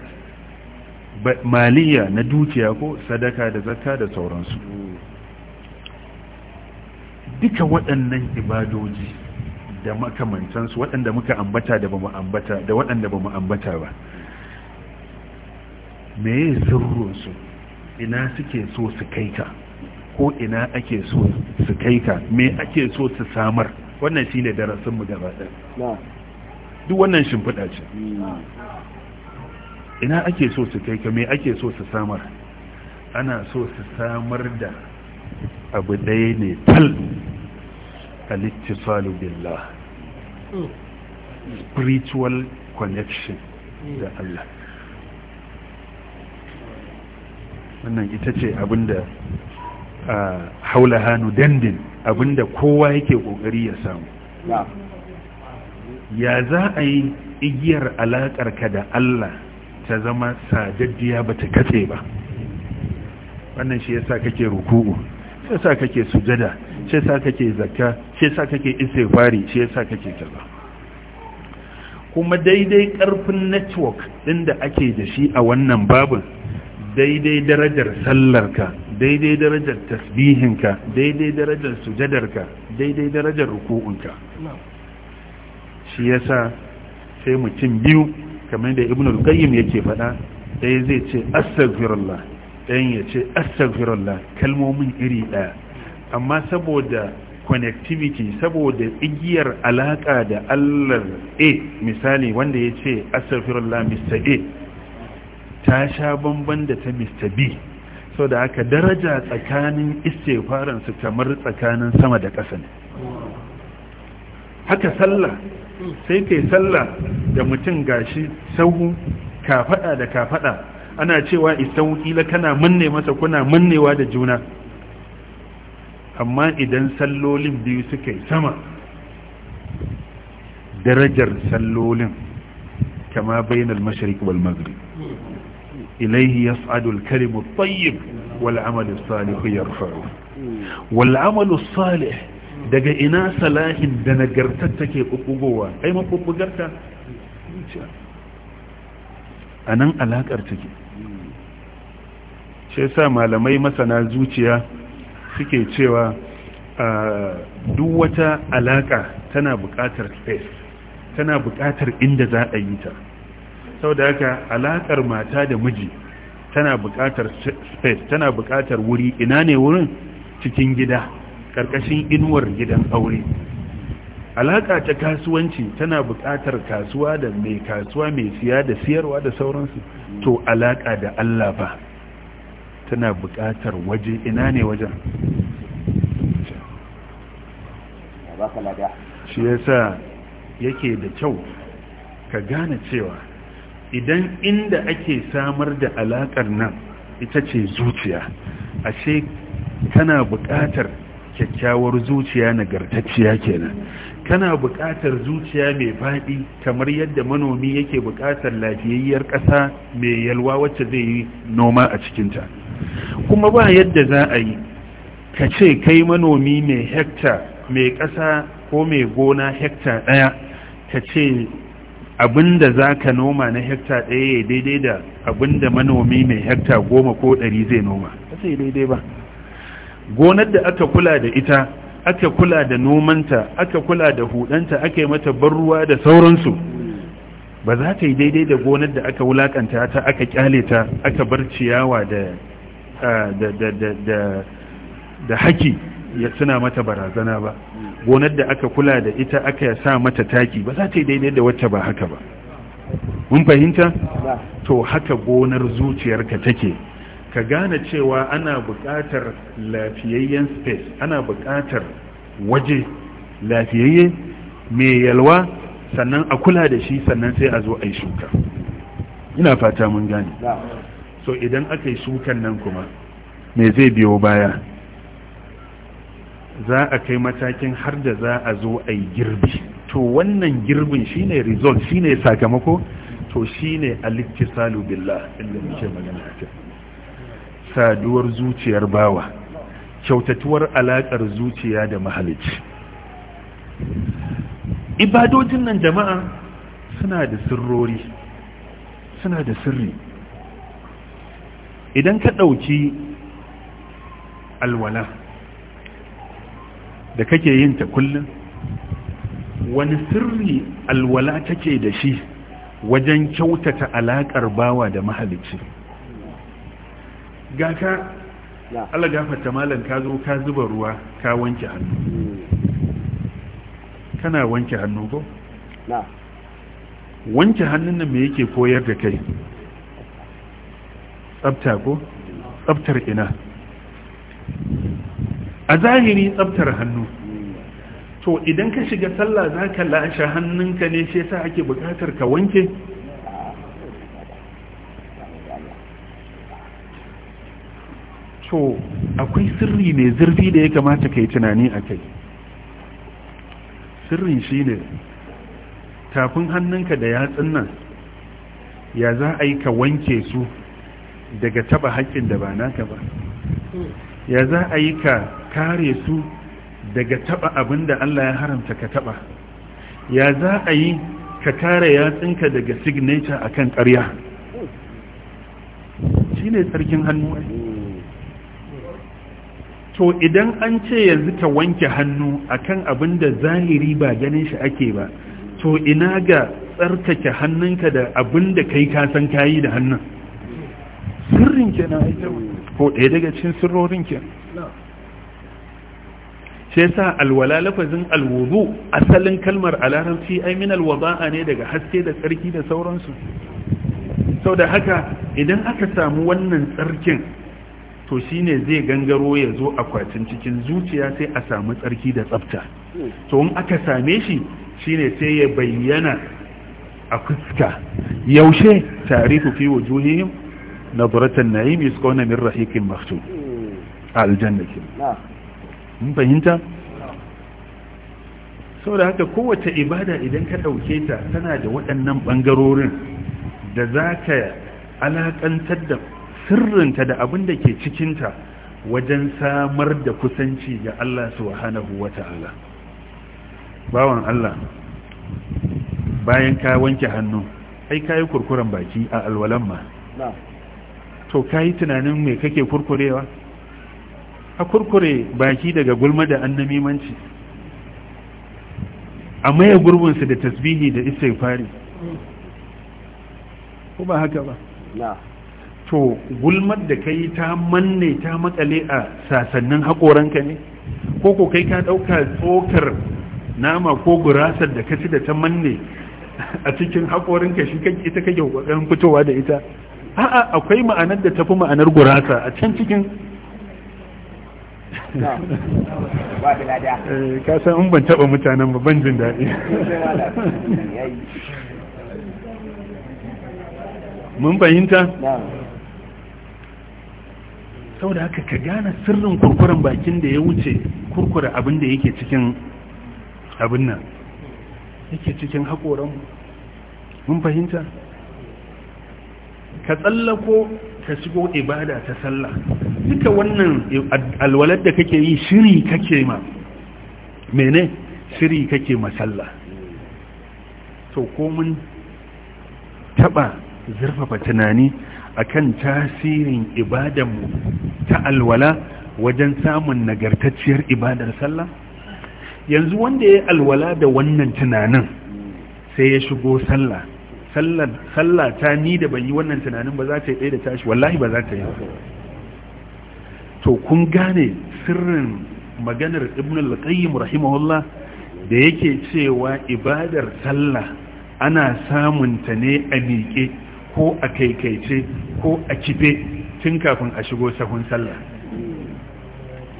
maliya na dukiya ko sadaka da zakka da sauransu duka waɗannan ibadoji da makamantansu waɗanda muka ambata da bamu ambata da waɗanda bamu ambata ba meye sirrinsu ina suke so su kai ka ko ina ake so su kai ka me ake so su samar wannan shi ne darasinmu gaba ɗaya duk wannan shimfiɗa ce ina ake so su kai kame ake so su samar ana so su samar da abu ɗaya ne tal al billah spiritual connection da Allah wannan ita ce abinda a haula hannu dandin abinda kowa yake kokari ya samu ya za a yi igiyar alaƙarka da Allah ta zama sajajjiya ba ta katse ba wannan shi yasa kake ruku'u shi yasa kake sujada shi yasa kake zakka shi yasa kake istighfari shi yasa kake kaza kuma daidai karfin network din da ake da shi a wannan babu daidai darajar sallarka daidai darajar tasbihinka daidai darajar sujadarka daidai darajar ruku'unka shi yasa sai mutum biyu kamar da ibn al-qayyim yake faɗa ɗaya zai ce astaghfirullah ɗayan ya ce astaghfirullah kalmomin iri ɗaya amma saboda connectivity saboda igiyar alaka da Allah A misali wanda ya ce astaghfirullah Mr. A ta sha bamban da ta Mr. B so da haka daraja tsakanin istighfaransu kamar tsakanin sama da ƙasa ne haka sallah sai kai sallah da mutum gashi sauhu kafada da kafada ana cewa isan kila kana manne masa kuna mannewa da juna amma idan sallolin biyu suka yi sama darajar sallolin kama bayanar mashariq wal maghrib ilayhi yas'adu al kalimu at wal 'amalu as-salih yarfa'u wal daga ina salahin da nagartar take ɓuɓɓugowa ai maɓuɓɓugarta a nan alaƙar take shi sa malamai masana zuciya suke cewa duk wata alaƙa tana buƙatar space tana buƙatar inda za a yi ta sau da haka alaƙar mata da miji tana buƙatar space tana buƙatar wuri ina ne wurin cikin gida karkashin inuwar gidan aure alaƙa ta kasuwanci tana buƙatar kasuwa da mai kasuwa mai siya da siyarwa da sauransu to alaƙa da Allah ba tana buƙatar waje ina ne wajen shi yasa yake da kyau ka gane cewa idan inda ake samar da alaƙar nan ita ce zuciya ashe tana buƙatar kyakkyawar zuciya nagartacciya kenan kana buƙatar zuciya mai faɗi kamar yadda manomi yake buƙatar lafiyayyar ƙasa mai yalwa wacce zai yi noma a cikinta kuma ba yadda za a yi ka ce kai manomi mai hekta mai ƙasa ko mai gona hekta ɗaya ka ce abin da za ka noma na hekta ɗaya ya daidai da abin da manomi mai hekta goma ko ɗari zai noma ba sai daidai ba gonar da aka kula da ita aka kula da nomanta aka kula da hudanta aka yi mata ruwa da sauransu ba za ta yi daidai da gonar da aka wulakanta ta aka kyale ta aka bar ciyawa da da da da da haki ya suna mata barazana ba gonar da aka kula da ita aka sa mata taki ba za ta yi daidai da wacce ba haka ba mun fahimta to haka gonar zuciyarka take ka gane cewa ana buƙatar lafiyayyen space ana buƙatar waje lafiyayye mai yalwa sannan a kula da shi sannan sai a zo a yi shuka ina fata mun gane so idan aka yi shukan nan kuma mai zai biyo baya za a kai matakin har da za a zo a yi girbi to wannan girbin shine result shine sakamako to shine al-iktisalu billah inda muke magana a saduwar zuciyar bawa kyautatuwar alaƙar zuciya da mahalici ibadojin nan jama'a suna da sirrori suna da sirri idan ka ɗauki alwala da kake yin ta kullum wani sirri alwala take da shi wajen kyautata alaƙar bawa da mahalicci ga ka Allah gafarta malam ka zo ka zuba ruwa ka wanke hannu hmm. kana wanke hannu ko wanke hannun nan me yake koyar da kai tsabta ko tsabtar ina a zahiri tsabtar hannu hmm. to idan ka shiga sallah za ka lashe hannunka ne sai sa ake bukatar ka wanke to akwai sirri mai zurfi da ya kamata ka yi tunani a kai sirrin shi ne tafin hannunka da yatsun nan ya za a yi ka wanke su daga taba haƙƙin da ba naka ba ya za a yi ka kare su daga taba abin da Allah ya haramta ka taba ya za a yi ka kare yatsunka daga signature akan ƙarya shi ne tsarkin hannu to idan an ce yanzu ta wanke hannu akan abin da zahiri ba ganin shi ake ba to ina ga tsarkake hannunka da abin da kai kasan kayi da hannun sirrin na aita ko ɗaya daga cikin sirrorin ke shi yasa alwala lafazin alwudu asalin kalmar a larabci ai min alwada'a ne daga haske da tsarki da sauransu sau da haka idan aka samu wannan tsarkin to shi ne zai gangaro ya zo akwatin cikin zuciya sai a samu tsarki da tsafta to in aka same shi shi ne sai ya bayyana a fuska yaushe tarihu fi wujuhihim nadratan na'im yusqawna min rahiqin makhtum aljannati mun fahimta saboda haka kowace ibada idan ka dauke ta tana da waɗannan bangarorin da zaka alakantar da sirrinta da abin da ke cikinta wajen samar da kusanci ga Allah subhanahu wa ta'ala bawan Allah bayan ka wanke hannu ai ka yi kurkuren baki a alwalan ma to ka yi tunanin me kake kurkurewa a kurkure baki daga gulma da annamimanci a maye gurbinsu da tasbihi da istighfari mm. ko ba haka ba to gulmar da ka yi ta manne ta matsale a sasannin haƙoranka ne ko ko kai ka ɗauka tsokar nama ko gurasar da ka ci da ta manne a cikin haƙorinka shi kan ita kake ƙoƙarin fitowa da ita a'a akwai ma'anar da tafi ma'anar gurasa a can cikin eh, ka san in ban taɓa mutanen ba ban jin daɗi mun fahimta saboda haka ka gane sirrin kurkuren bakin da ya wuce kurkura abin da yake cikin abin nan yake cikin haƙoranmu mun fahimta ka tsallako ka shigo ibada ta sallah duka wannan alwalar da kake yi shiri kake ma mene shiri kake ma sallah to ko mun taɓa zurfafa tunani akan tasirin ibadanmu ta alwala wajen samun nagartacciyar ibadar sallah yanzu wanda ya alwala da wannan tunanin sai ya shigo sallah sallah ta ni da ban yi wannan tunanin ba za ta yi ɗaya da tashi wallahi ba za ta yi to kun gane sirrin maganar ibn al-qayyim rahimahullah da yake cewa ibadar sallah ana samun ta ne a miƙe ko a kaikaice ko a kife tun kafin a shigo sahun sallah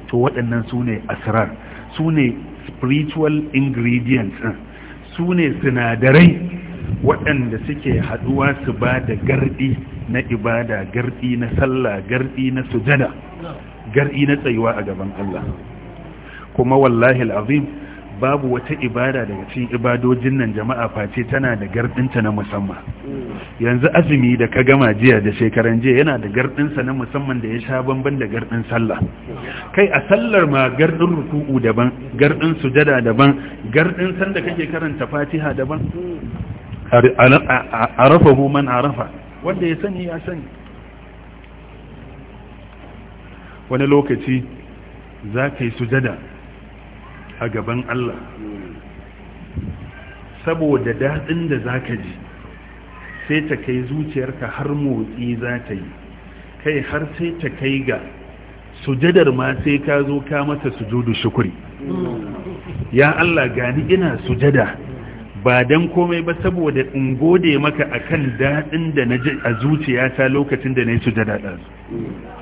to waɗannan su ne asrar su ne spiritual ingredients su ne sinadarai waɗanda suke haɗuwa su ba da garɗi na ibada garɗi na sallah garɗi na sujada garɗi na tsayuwa a gaban Allah kuma wallahi al'azim babu wata ibada daga cikin ibadojin nan jama'a face tana da gardinta na musamman yanzu azumi da ka gama jiya da shekaran jiya yana da gardinsa na musamman da ya sha bamban da gardin sallah kai a sallar ma gardin ruku'u daban gardin sujada daban gardin sanda kake karanta fatiha daban rafa man arafa wanda ya sani ya sani wani lokaci za ka yi sujada a gaban Allah saboda daɗin da za ka ji sai ta kai zuciyarka har motsi za ta yi kai har sai ta kai ga sujadar ma sai ka zo ka mata sujudu shukuri ya Allah gani ina sujada ba dan komai ba saboda in gode maka akan daɗin da na ji a zuciyata lokacin da na yi sujada ɗansu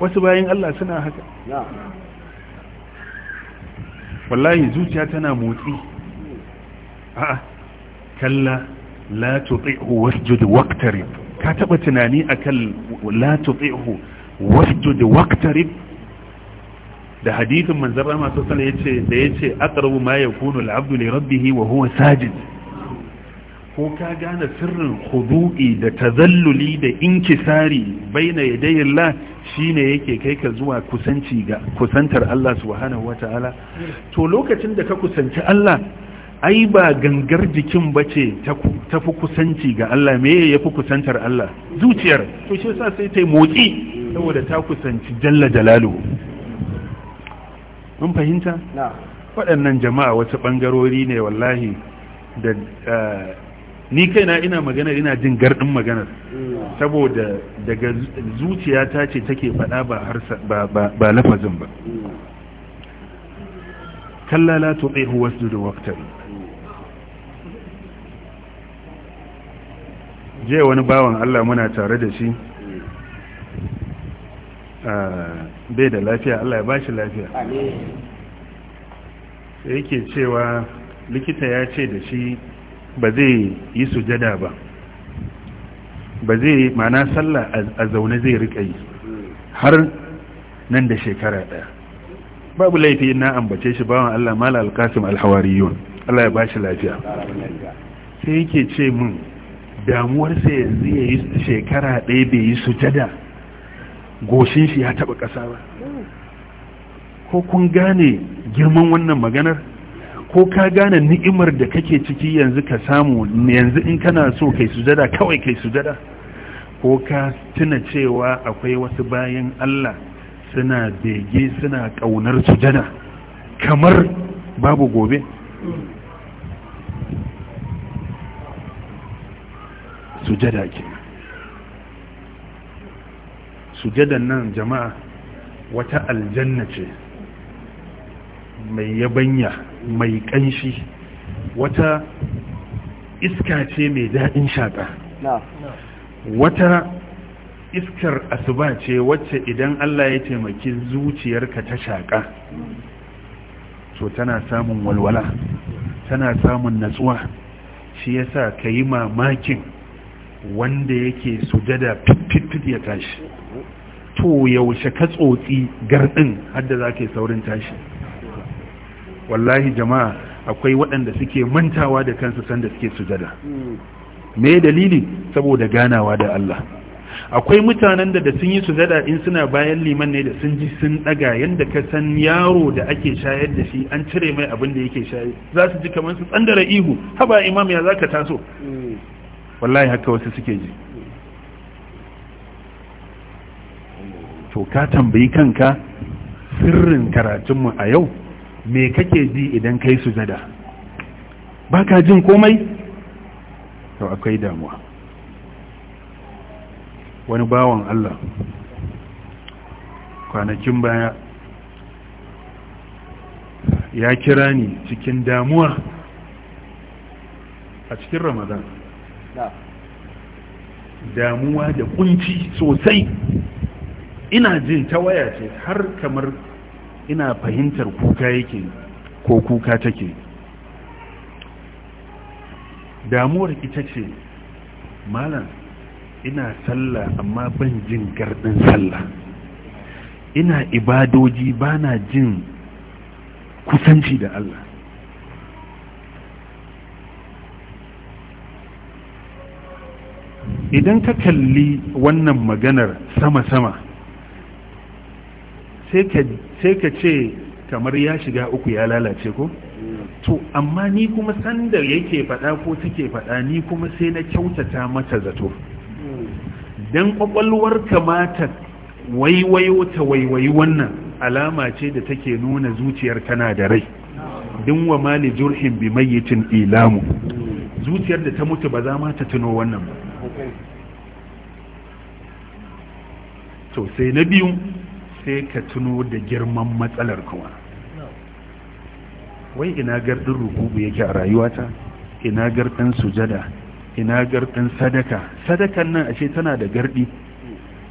wasu bayan Allah suna haka wallahi zuciya tana motsi a'a kalla la tuti'hu wasjud waqtarib ka taba tunani akan la tuti'hu wasjud waqtarib da hadithin manzon Allah sallallahu yace da yace aqrabu ma yakunu al li rabbihi wa huwa sajid ko ka gane sirrin hudu'i da tazalluli da inkisari baina shi shine yake kai ka zuwa kusanci ga kusantar Allah subhanahu wataala to lokacin da ka kusanci Allah ai ba gangar jikin bace ta fi kusanci ga Allah me ya fi kusantar Allah zuciyar to shi yasa sai ta motsi saboda ta kusanci jalla jalalu mun fahimta waɗannan jama'a wasu ɓangarori ne wallahi da eh, ni kaina ina magana ina jin gardin maganar saboda daga zuciyata ce take faɗa ba ba lafazin ba kalla la tuqihu wasjud waqtar je wani bawan Allah muna tare da shi ah, bai da lafiya Allah ya bashi lafiya amin yake cewa likita ya ce da shi ba zai yi sujada ba ba zai mana sallah a zaune zai rika yi har nan da shekara daya babu laifi na ambace shi bawan Allah mala alkasim alhawariyun Allah ya shi lafiya sai yake ce min damuwarsa yanzu ya yi shekara ɗaya bai yi sujada goshin shi ya taɓa ƙasa ba ko kun gane girman wannan maganar ko ka gane ni'imar da kake ciki yanzu ka samu yanzu in kana so kai sujada kawai kai sujada ko ka tuna cewa akwai wasu bayan Allah suna bege suna kaunar sujada kamar babu gobe sujada ke sujadan nan jama'a wata aljanna ce mai yabanya mai ƙanshi wata iska ce mai daɗin shaƙa wata iskar asuba ce wacce idan Allah ya taimaki zuciyarka ta shaƙa so tana samun walwala tana samun natsuwa shi yasa ka yi mamakin wanda yake sujada fitfit ya tashi to yaushe ka tsotsi garɗin hadda za ka yi saurin tashi wallahi jama'a akwai waɗanda suke mantawa da kansu sanda suke sujada me dalili saboda ganawa da Allah akwai mutanen da sun yi sujada in suna bayan liman ne da sun ji sun daga yanda ka san yaro da ake shayar da shi an cire mai abin da yake shayar za su ji kamar su tsandara ihu haba imam ya zaka taso wallahi haka wasu suke ji to ka tambayi kanka sirrin karatunmu a yau me kake ji idan kai zada? ba ka jin komai to akwai damuwa wani bawan Allah kwanakin baya ya kira ni cikin damuwa a cikin ramadan damuwa da kunci sosai ina jin ta waya ce har kamar ina fahimtar kuka yake ko kuka take damuwar ita ce malam ina sallah amma ban jin gardin sallah ina ibadoji bana jin kusanci da Allah idan ka kalli wannan maganar sama-sama sai ka ce kamar ya shiga uku ya lalace ko to amma ni kuma sanda yake faɗa ko take faɗa ni kuma sai na kyautata mata zato don ƙwaƙwalwar kamata waiwayo ta waiwayi wannan alama ce da take nuna zuciyar tana da rai din wa mali jurhin bi mayyitin ilamu zuciyar da ta mutu ba za ma ta tuno wannan ba to sai na biyu sai ka tuno da girman matsalar kuma wai ina gardin rububu yake a rayuwata ina gardin sujada ina gardin sadaka sadakan nan ashe tana da gardi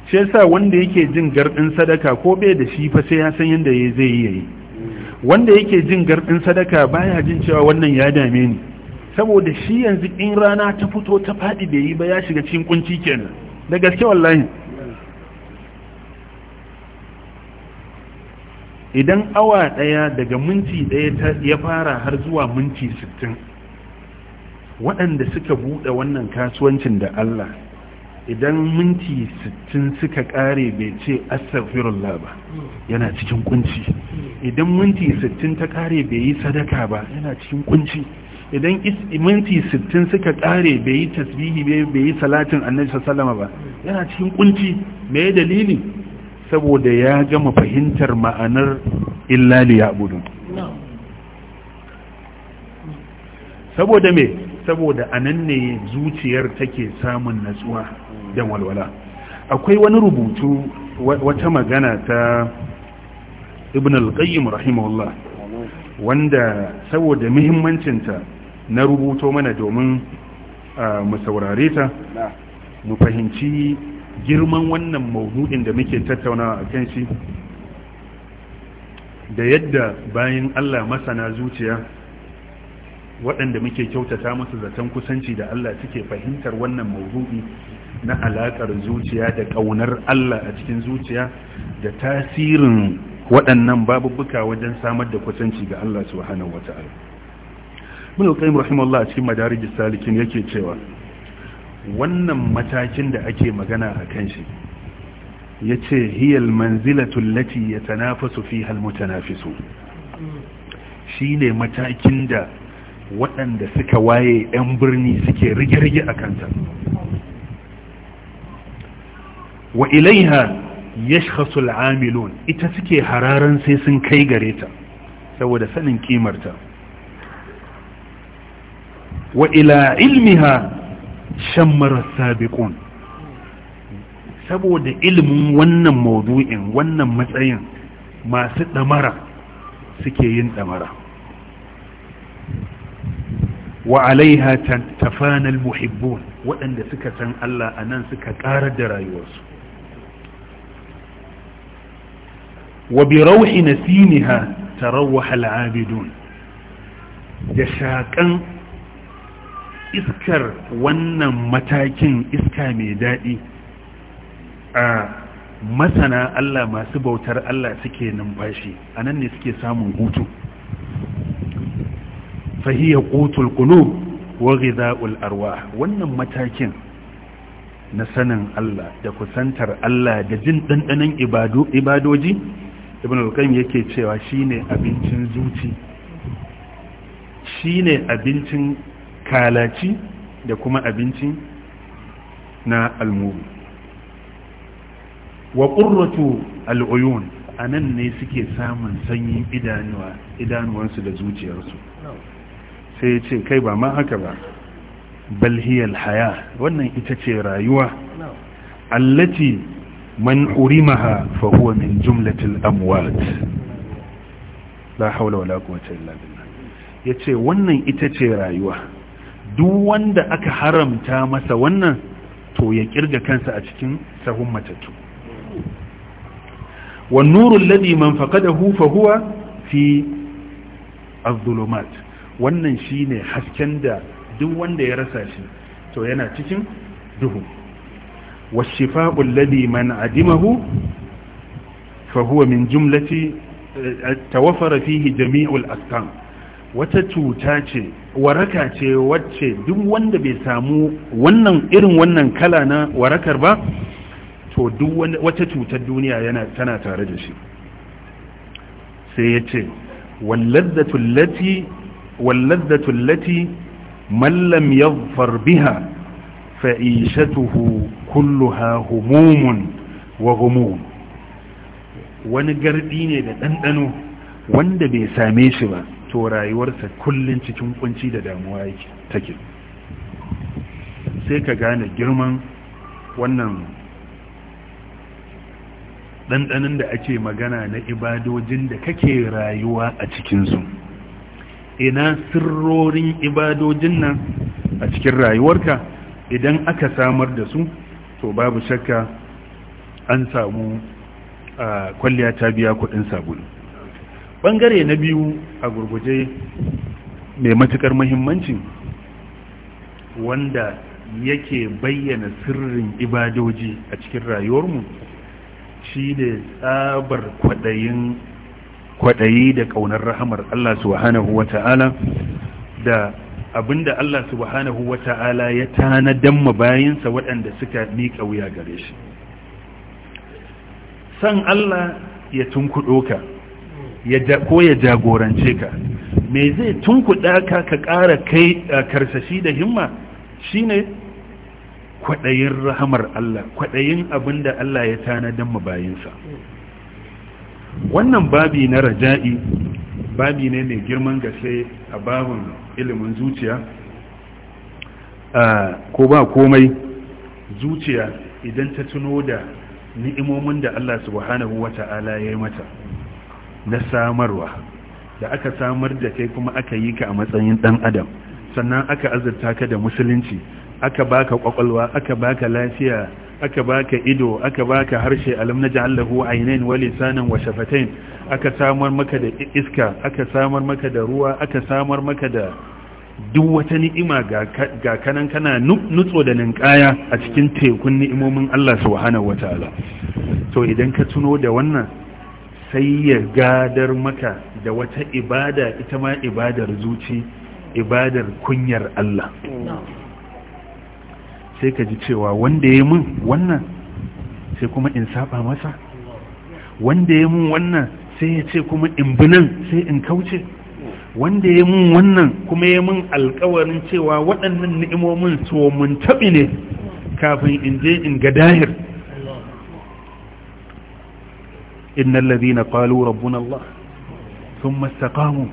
shi yasa wanda yake jin gardin sadaka ko bai da shi fa sai ya san yanda zai yi yayi wanda yake jin gardin sadaka baya jin cewa wannan ya dame ni saboda shi yanzu in rana ta fito ta fadi bai yi ba ya shiga cikin kunci kenan da gaske wallahi idan awa ɗaya daga minti ɗaya ya fara har zuwa minti sittin waɗanda suka buɗe wannan kasuwancin da Allah idan minti sittin suka ƙare bai ce astaghfirullah ba yana cikin kunci idan minti sittin ta ƙare bai yi sadaka ba yana cikin kunci idan minti sittin suka ƙare bai yi tasbihi bai yi salatin annabi sallama ba yana cikin kunci me dalili saboda ya gama fahimtar ma'anar illa li budu saboda me saboda anan ne zuciyar take samun natsuwa da walwala akwai wani rubutu wata magana ta ibn al-qayyim rahimahullah wanda saboda muhimmancinta na rubuto mana domin ah, mu saurare ta mu fahimci girman wannan maudu'in da muke tattaunawa a kan shi da yadda bayan Allah masana zuciya waɗanda muke kyautata musu zaton kusanci da Allah suke fahimtar wannan maudu'i na alaƙar zuciya da ƙaunar Allah a cikin zuciya da tasirin waɗannan babubuka wajen samar da kusanci ga Allah subhanahu wata'ala. muna yi rahimallah a cikin madarijis salikin yake cewa wannan matakin da ake magana a kan shi ya ce hiyar manzilatun lati ya tanafasu fi halmutanafisu shi ne matakin da waɗanda suka waye 'yan birni suke rige-rige a kanta wa ilaiha ya shahasul amilon ita suke hararan sai sun kai gare ta saboda sanin kimarta wa ila ilmiha shan marasa biƙon saboda ilimin wannan maudu'in wannan matsayin masu ɗamara suke yin ɗamara wa alaiha tafanal muhibbun waɗanda suka san Allah a nan suka ƙara da rayuwarsu wa bi rauhi nasimiha tarawwaha al'abidun da shaƙan iskar wannan matakin iska mai daɗi a masana Allah masu bautar Allah suke numfashi a nan ne suke samun hutu fahiyar qutul qulub wa ghidha'ul wannan matakin na sanin Allah da kusantar Allah da jin dandanan ibadoji ibn al-qayyim yake cewa shine abincin zuci shine abincin kalaci da kuma abinci na almuru wa ƙurratu al'uyun a nan ne suke samun sanyin idanuwansu da zuciyarsu sai ya ce kai ba ma haka ba balhiyar haya wannan ita ce rayuwa allati man urimaha fa huwa min jumlatil amwat la haula wala quwwata illa billah yace wannan ita ce rayuwa duk wanda aka haramta masa wannan to ya kirga kansa a cikin sahun matattu wan nurul ladhi man faqadahu fa huwa fi az-zulumat wannan shine hasken da duk wanda ya rasa shi to yana cikin duhu والشفاء الذي من عدمه فهو من جملة توفر فيه جميع الأسكام wata cuta ce waraka ce wacce duk wanda bai samu wannan irin wannan kala na warakar ba to duk wata cutar duniya yana tana tare da shi sai ya ce walladzatu lati Mallam ya farbiha biha kullu kulluha humumun wa humum wani gardi ne da ɗanɗano wanda bai same shi ba to rayuwarsa kullum cikin kunci da damuwa yake take sai ka gane girman wannan ɗanɗanin da ake magana na ibadojin da kake rayuwa a cikinsu ina sirrorin ibadojin nan a cikin rayuwarka idan aka samar da su to babu shakka an samu ah, kwalliya ta biya kudin sabulu bangare na biyu a gurguje mai matukar muhimmanci wanda yake bayyana sirrin ibadoji a cikin rayuwarmu shi ne tsabar kwaɗayin kwaɗayi da ƙaunar rahamar Allah subhanahu wa ta'ala da abinda Allah subhanahu wa ta'ala ya tanadan mabayinsa waɗanda suka miƙa wuya gare shi san Allah ya tunkuɗo ka ko ya jagorance ka me zai tunkuɗa ka ka ƙara kai karsashi da himma shine kwaɗayin rahamar Allah kwaɗayin abin da Allah ya tanadin mu bayinsa wannan babi na raja'i babi ne mai girman gaske a babin ilimin zuciya ko ba komai zuciya idan ta tuno da ni'imomin da Allah subhanahu ta'ala ya yi mata na samarwa da aka samar da kai kuma aka yi ka a matsayin ɗan adam sannan aka azurta ka da musulunci aka baka kwakwalwa aka baka lafiya aka baka ido aka baka harshe alam na ja'allahu aynain wa lisanan wa shafatain aka samar maka da iska aka samar maka da ruwa aka samar maka da duk wata ni'ima ga kanan kana nutso da ninkaya a cikin tekun ni'imomin Allah subhanahu wataala to idan ka tuno da wannan sai ya gadar maka da wata ibada ita ma ibadar zuci ibadar kunyar Allah sai ka ji cewa wanda ya mun wannan sai kuma in saba masa wanda ya mun wannan sai ya ce kuma in bi nan sai in kauce wanda ya mun wannan kuma ya mun alkawarin cewa waɗannan ni'imomin so mun taɓi ne kafin in je in ga dahir إن الذين قالوا ربنا الله ثم استقاموا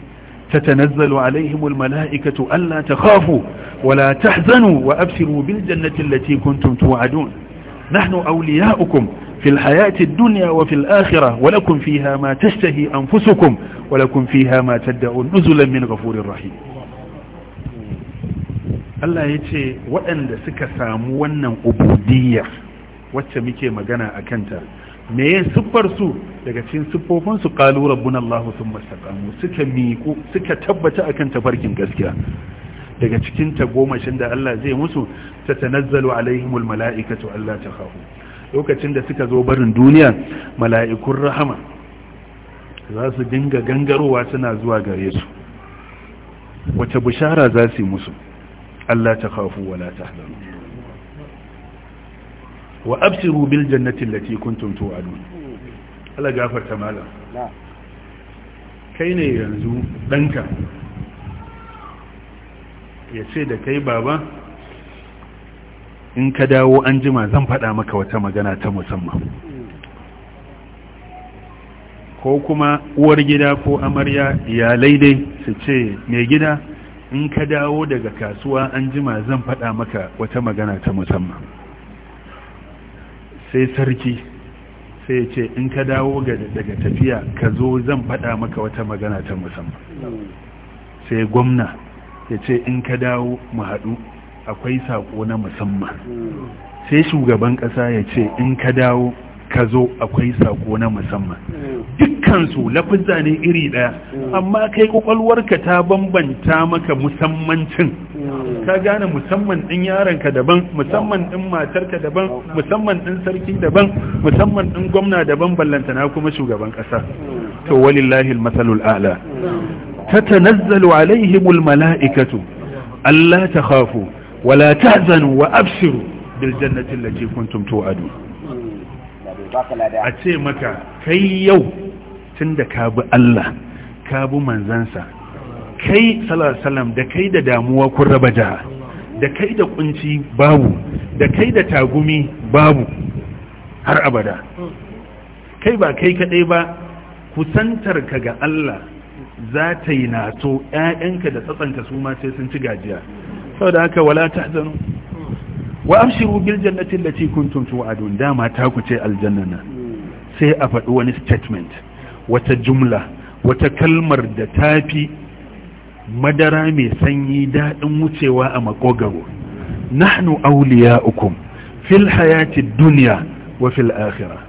تتنزل عليهم الملائكة ألا تخافوا ولا تحزنوا وأبشروا بالجنة التي كنتم توعدون نحن أولياؤكم في الحياة الدنيا وفي الآخرة ولكم فيها ما تشتهي أنفسكم ولكم فيها ما تدعون نزلا من غفور رحيم Allah ya ce waɗanda suka samu wannan ubudiyya wacce muke magana a kanta me ya siffar su daga cikin siffofin su qalu rabbuna allah sun istaqamu suka miƙo suka tabbata akan tafarkin gaskiya daga cikin ta tagomashin da Allah zai musu ta tanazzalu alaihimul mala'ikatu Allah ta khafu lokacin da suka zo barin duniya mala'ikun rahama za su dinga gangarowa suna zuwa gare su wata bishara za su yi musu Allah ta khafu wala tahzanu wa absiru bil jannati allati kuntum tu'adun Allah gafarta malam kai ne yanzu danka ya ce da kai baba in ka dawo an jima zan faɗa maka wata magana ta musamman ko kuma uwar gida ko amarya iyalai dai su ce mai gida in ka dawo daga kasuwa an jima zan faɗa maka wata magana ta musamman sai sarki sai ya ce in ka dawo daga tafiya ka zo zan faɗa maka wata magana ta musamman sai gwamna ya ce in ka dawo mu haɗu akwai saƙo na musamman sai shugaban ƙasa ya ce in ka dawo ka zo akwai saƙo na musamman dukkansu lafizza ne iri ɗaya amma kai ƙwaƙwalwarka ta bambanta maka musammancin ka gane musamman ɗin yaranka daban musamman ɗin matarka daban musamman ɗin sarki daban musamman ɗin gwamna daban na kuma shugaban ƙasa to walillahi almasalul a'la tatanazzalu alaihimul mala'ikatu alla takhafu wala tahzanu wa abshiru bil jannati allati kuntum tu'adu a ce maka kai yau tunda ka bi Allah ka bi manzansa kai Salasalam da kai da damuwa kun raba jaha da kai da kunci babu da kai da tagumi babu har abada kai ba kai kaɗai ba kusantar ka ga Allah za ta yi nato ‘ya'yanka da tsatsanka su ma sai sun ci gajiya sau da haka wala ta zanu wa amshiru bil jannati allati kuntum tu'adun dama ta ku ce aljanna nan sai a faɗi wani statement wata jumla wata kalmar da tafi madara mai sanyi daɗin wucewa a makogaro nahnu ukum fil hayati duniya wa fil akhirah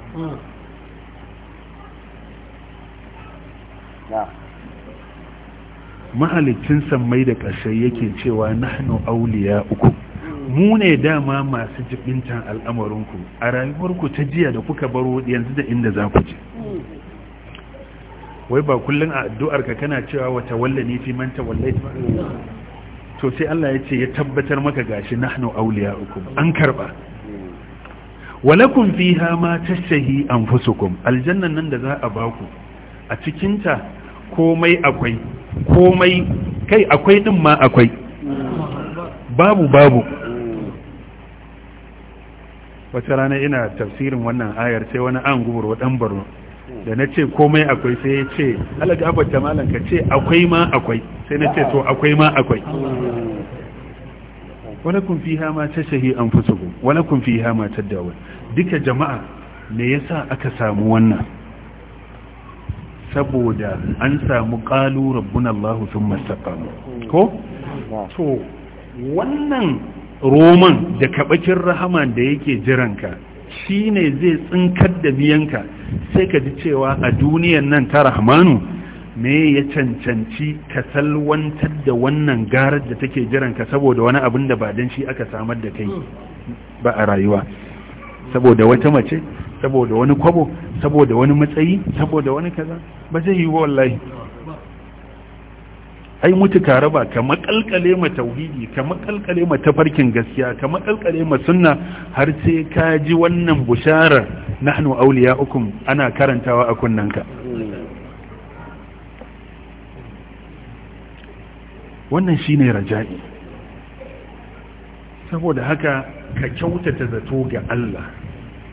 mahalicin sammai da ƙarshe yake cewa nahnu uku mu ne dama masu jibintan al'amarinku a rayuwarku ta jiya da kuka baro yanzu da inda za ku je wai ba kullum a addu'arka kana cewa wata wallani fi man tawallait to sai Allah ya ce ya tabbatar maka gashi nahnu awliya'ukum an karba walakum fiha ma tashtahi anfusukum aljannan nan da za a baku a cikin ta komai akwai komai kai akwai din ma akwai babu babu wata rana ina tafsirin wannan ayar sai wani an gubar wa dan barno da na ce komai akwai sai ya ce alaji abata malam ka ce akwai ma akwai sai na ce to akwai ma akwai wani kun fi hama ta shahi an fusugu wani kun fi hama ta dawai duka jama'a ne ya sa aka samu wannan saboda an samu ƙalu rabbin allahu sun mastaƙamu ko? to wannan roman da kaɓakin rahaman da yake jiranka shi ne zai tsinkar da biyanka sai ka ji cewa a duniyan nan ta rahmanu me ya cancanci ka salwantar da wannan garar da take jiranka saboda wani abin da ba don shi aka samar da kai ba a rayuwa saboda wata mace saboda wani kwabo saboda wani matsayi saboda wani kaza ba zai yi wallahi ai mutu ka raba ka makalkale ma tauhidi ka makalkale ma tafarkin gaskiya ka makalkale ma sunna har sai ka ji wannan bushara nahnu awliya'ukum ana karantawa a kunnanka wannan shine raja'i saboda haka ka kyautata zato ga Allah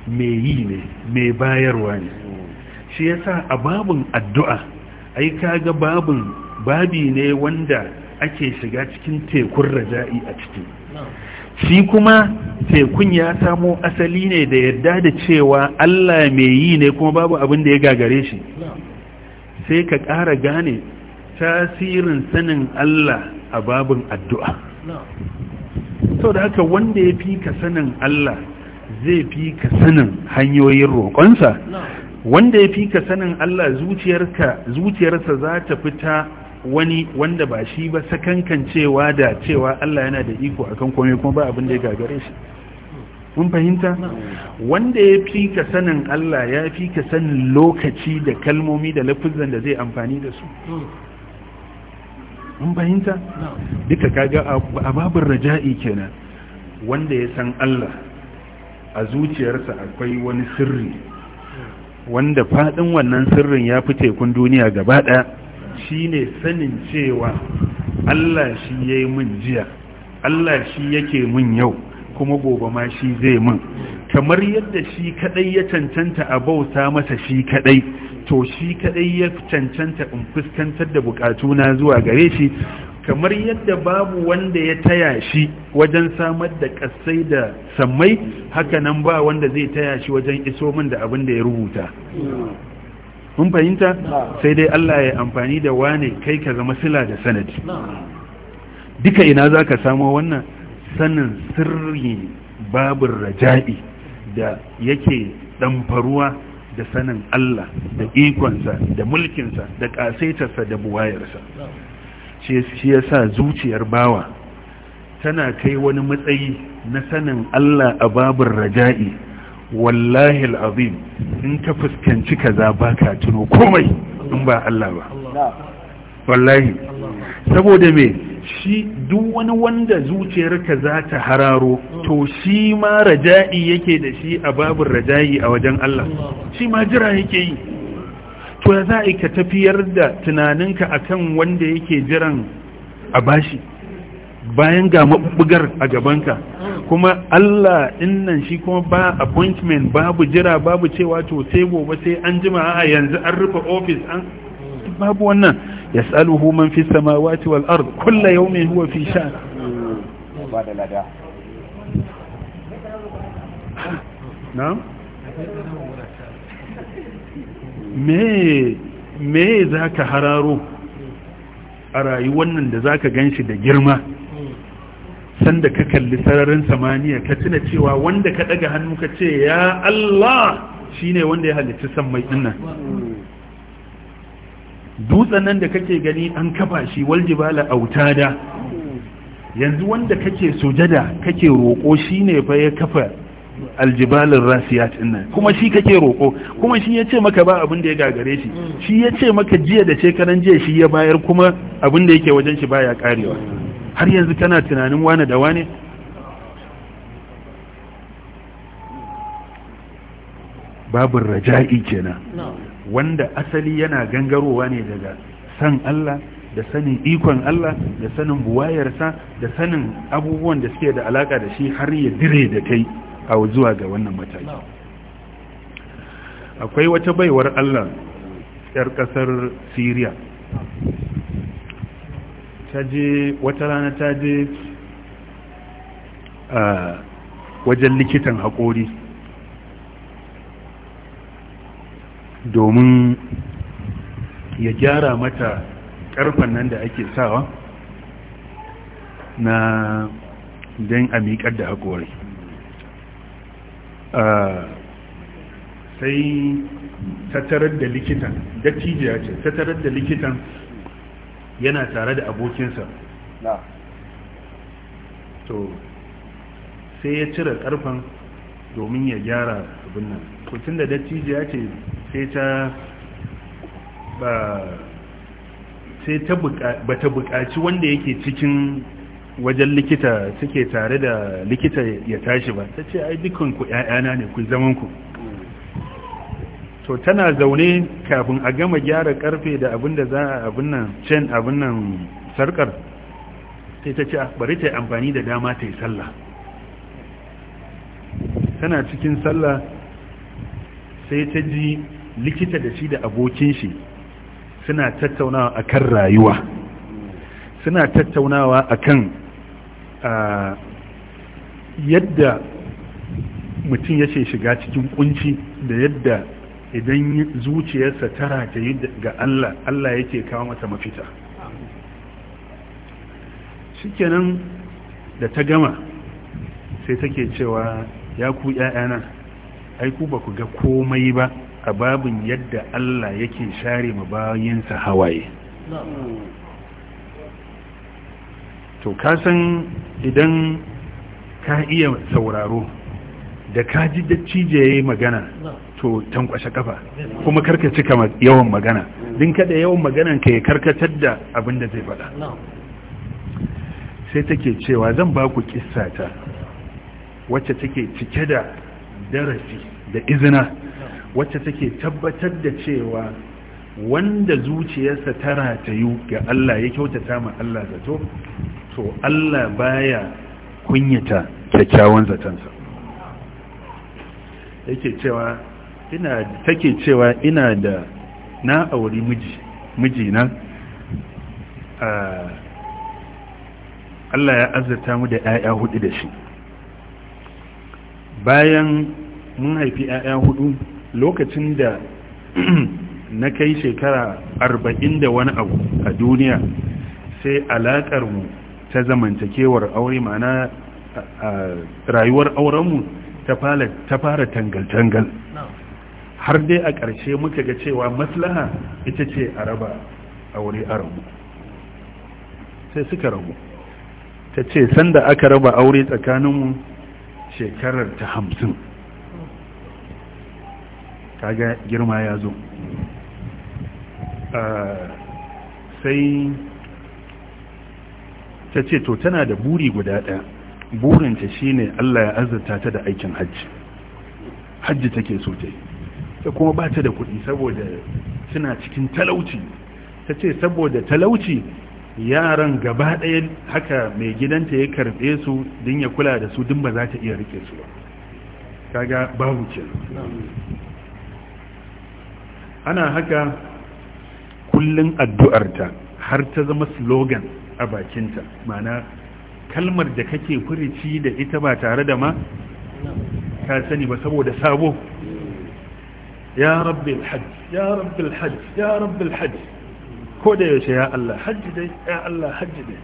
me yi ne me bayarwa ne shi yasa a babun addu'a ai kaga babun babi ne wanda ake shiga cikin tekun raja'i a ciki shi kuma tekun ya samo asali ne da yadda da cewa Allah mai yi ne kuma babu abin da ya gagare shi sai ka ƙara gane tasirin sanin Allah a babin addu'a sau da haka wanda ya fi ka sanin Allah zai fi ka sanin hanyoyin roƙonsa wanda ya fi ka sanin Allah zuciyarsa za ta fita wani wanda ba shi ba sakankancewa da cewa Allah yana da iko akan komai kuma ba abin da ya gagare shi mun fahimta wanda ya fi ka sanin Allah ya fi ka sanin lokaci da kalmomi da lafizan da zai amfani da su mun fahimta duka kaga a babin raja'i kenan wanda ya san Allah a zuciyarsa akwai wani sirri wanda faɗin wannan sirrin ya fi tekun duniya gaba ɗaya shine sanin cewa Allah shi ya yi min jiya Allah shi yake min yau kuma gobe ma shi zai min kamar yadda shi kadai ya cancanta a bauta masa shi kadai to shi kadai ya cancanta in fuskantar da na zuwa gare shi kamar yadda babu wanda ya taya shi wajen samar da kasai da sammai nan ba wanda zai taya shi wajen iso min da abin da ya rubuta mun fahimta sai dai Allah ya amfani da wane kai ka zama sila da sanadi duka ina za ka samo wannan sanin sirri babin raja'i da yake ɗanfaruwa da sanin Allah da ikonsa da mulkinsa da ƙasaitarsa da buwayarsa shi ya sa zuciyar bawa tana kai wani matsayi na sanin Allah a babin raja'i wallahi al'azim in ka fuskanci kaza baka tuno komai in ba Allah ba wallahi saboda me shi duk wani wanda zuciyarka za ta hararo to shi ma raja'i yake da shi a babin raja'i a wajen Allah shi ma jira yake yi to ya za ka tafiyar da tunaninka akan wanda yake jiran a bashi bayan ga mabugar a gabanka kuma Allah innan shi kuma ba appointment babu jira babu cewa to sai gobe sai an jima a yanzu an rufe office an babu wannan yas'aluhu man fi samawati wal ard kullu yawmin huwa fi sha'n na'am me me zaka hararo a rayuwar nan da zaka ganshi da girma sanda ka kalli sararin samaniya ka tuna cewa wanda ka daga hannu ka ce ya Allah shine wanda ya halicci mai dinnan dutsen nan da kake gani an kafa shi waljibala autada yanzu wanda kake sujada kake roƙo shine fa ya kafa aljibalin rasiyat dinnan kuma shi kake roƙo kuma shi ya ce maka ba abin da ya gagare shi shi ya ce maka jiya da shekaran jiya shi ya bayar kuma abin da yake wajen shi baya karewa har yanzu kana tunanin wane da wane babin raja'i kenan wanda asali yana gangarowa ne daga san Allah da sanin ikon Allah da sanin buwayarsa da sanin abubuwan da suke da alaka da shi har ya dire da kai a zuwa ga wannan mataki akwai wata baiwar Allah 'yar ƙasar Syria ta je wata rana ta je a wajen likitan haƙori domin ya gyara mata ƙarfen nan da ake sawa na don amikar miƙar da haƙori sai tattarar da likitan dattijiya ce tattarar da likitan yana tare da abokinsa to sai ya cire karfan domin ya gyara abin nan tun da dattijo ya ce sai ta ba sai ta bata bukaci wanda yake cikin wajen likita suke tare da likita ya tashi ba ta ce ai dukanku 'ya'yana ne ku zamanku ku To tana zaune kafin a gama gyara karfe da abin da za a abin nan cin abin nan sarkar sai ta ce ah, bari ta yi amfani da dama ta yi sallah tana cikin sallah sai ta ji likita da shi da abokin shi suna tattaunawa a kan rayuwa suna tattaunawa a kan yadda mutum ya ce shiga cikin kunci da yadda idan zuciyarsa ta yi ga Allah Allah yake kawo mata mafita shikenan da ta gama sai take cewa ya ku ƴaƴana ai ku ba ku ga komai ba a babin yadda Allah yake share ma bayinsa hawaye to ka san idan ka iya sauraro da ka ji da cije magana to tankwashe kafa kuma karka cika yawan magana din kada yawan maganan ka ya karkatar da abin da zai faɗa sai take cewa zan ba ku kissata wacce take cike da darasi da izina wacce take tabbatar da cewa wanda zuciyarsa tara ta yi ga Allah ya kyautata ma Allah zato to Allah baya kunyata kyakkyawan zatansa yake cewa ina take cewa ina da na auri miji mijina Allah ya azurta mu da 'ya'ya hudu da shi bayan mun haifi 'ya'ya hudu lokacin da na kai shekara arba'in da wani abu a duniya sai mu ta zamantakewar aure mana rayuwar aurenmu ta fara tangal-tangal har dai a ƙarshe muka ga cewa maslaha ita ce a raba a wuri a rabu sai suka rabu ta ce sanda aka raba aure tsakaninmu shekarar ta hamsin kaga girma ya zo ah, sai ta ce to tana da buri guda ɗaya burinta shine allah ya azurta ta da aikin hajji hajji take so ta yi ta kuma ba ta da kuɗi saboda suna cikin talauci ta ce saboda talauci yaran gaba ɗaya haka mai gidanta ya karɓe su din ya kula da su din ba za ta iya rike su ba kaga babu ce ana haka kullum addu'arta har ta zama slogan a bakinta mana kalmar da kake furici da ita ba tare da ma ka sani ba saboda sabo ya rabbil hajj ya rabbil hajj ya rabbil hajj ko da yaushe ya Allah hajji ya Allah hajji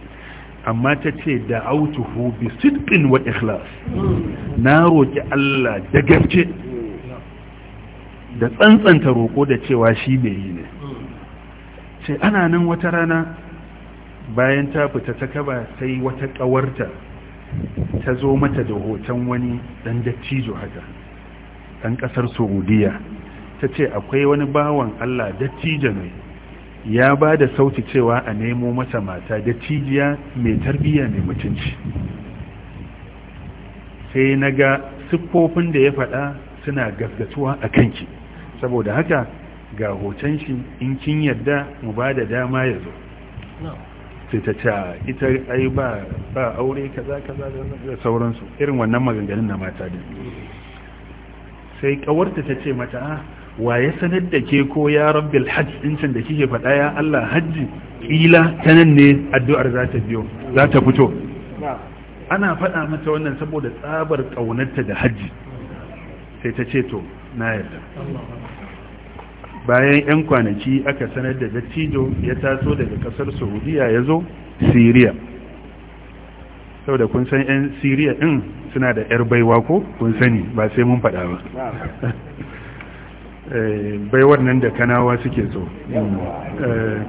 amma ta ce da'autuhu bi sidqin wa ikhlas na roki Allah da gaske da tsantsanta roƙo da cewa shi ne yi ne ce ana nan wata rana bayan ta fita ta kaba sai wata ƙawarta ta zo mata da hoton wani ɗan dattijo haka dan kasar Saudiya ta ce akwai wani bawan Allah dattijo ne ya ba da sauti cewa a nemo mata mata dattijiya mai tarbiyya mai mutunci sai na ga siffofin da ya faɗa suna gaggatuwa a kanki saboda haka ga hoton shi in kin yadda mu ba da dama ya zo sai ta ce ita ai ba ba aure kaza kaza da sauransu irin wannan maganganun na mata din sai kawarta ta ce mata ah, wa ya sanar da ke ko ya rabbil hajj can da kike faɗa ya Allah hajji kila ta nan ne addu'ar za ta biyo za ta fito ana faɗa mata wannan saboda tsabar ƙaunarta da hajji sai ta ce to na yarda bayan 'yan kwanaki aka sanar da dattijo ya taso daga ƙasar saudiya ya zo siriya saboda kun san 'yan siriya ɗin suna da 'yar baiwa ko kun sani ba sai mun faɗa ba Eh, bai nan da kanawa suke so eh, eh,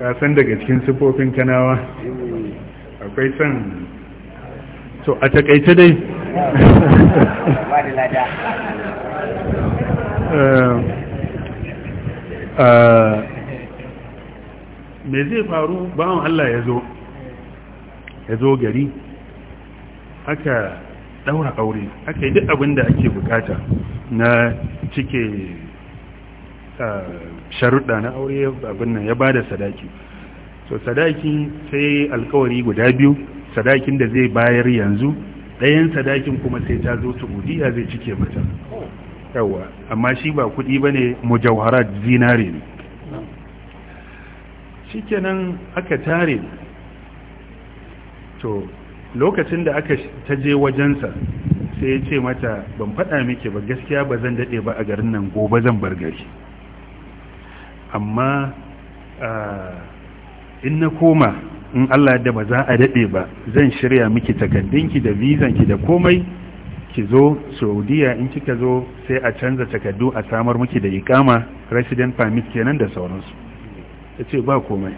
kasan daga cikin sufofin kanawa akwai son so a takaice dai me zai faru bawan Allah ya zo ya zo gari aka daura aure aka yi duk abin da ake bukata na cike sharuɗa na aure abin nan ya ba da sadaki so sadaki sai alkawari guda biyu sadakin da zai bayar yanzu ɗayan sadakin kuma sai ta zo udiya zai cike mata yawa amma shi ba kuɗi ba ne mujawara zinare ne kenan aka tare to lokacin da aka ta je wajensa sai ya ce mata ban faɗa miki ba gaskiya ba zan daɗe ba a garin nan gobe zan bar gari amma in na koma in Allah da ba za a daɗe ba zan shirya miki takaddunki da vizanki da komai ki zo saudiya in kika zo sai a canza takaddu a samar miki da ikama resident permit kenan da sauransu ta ce ba komai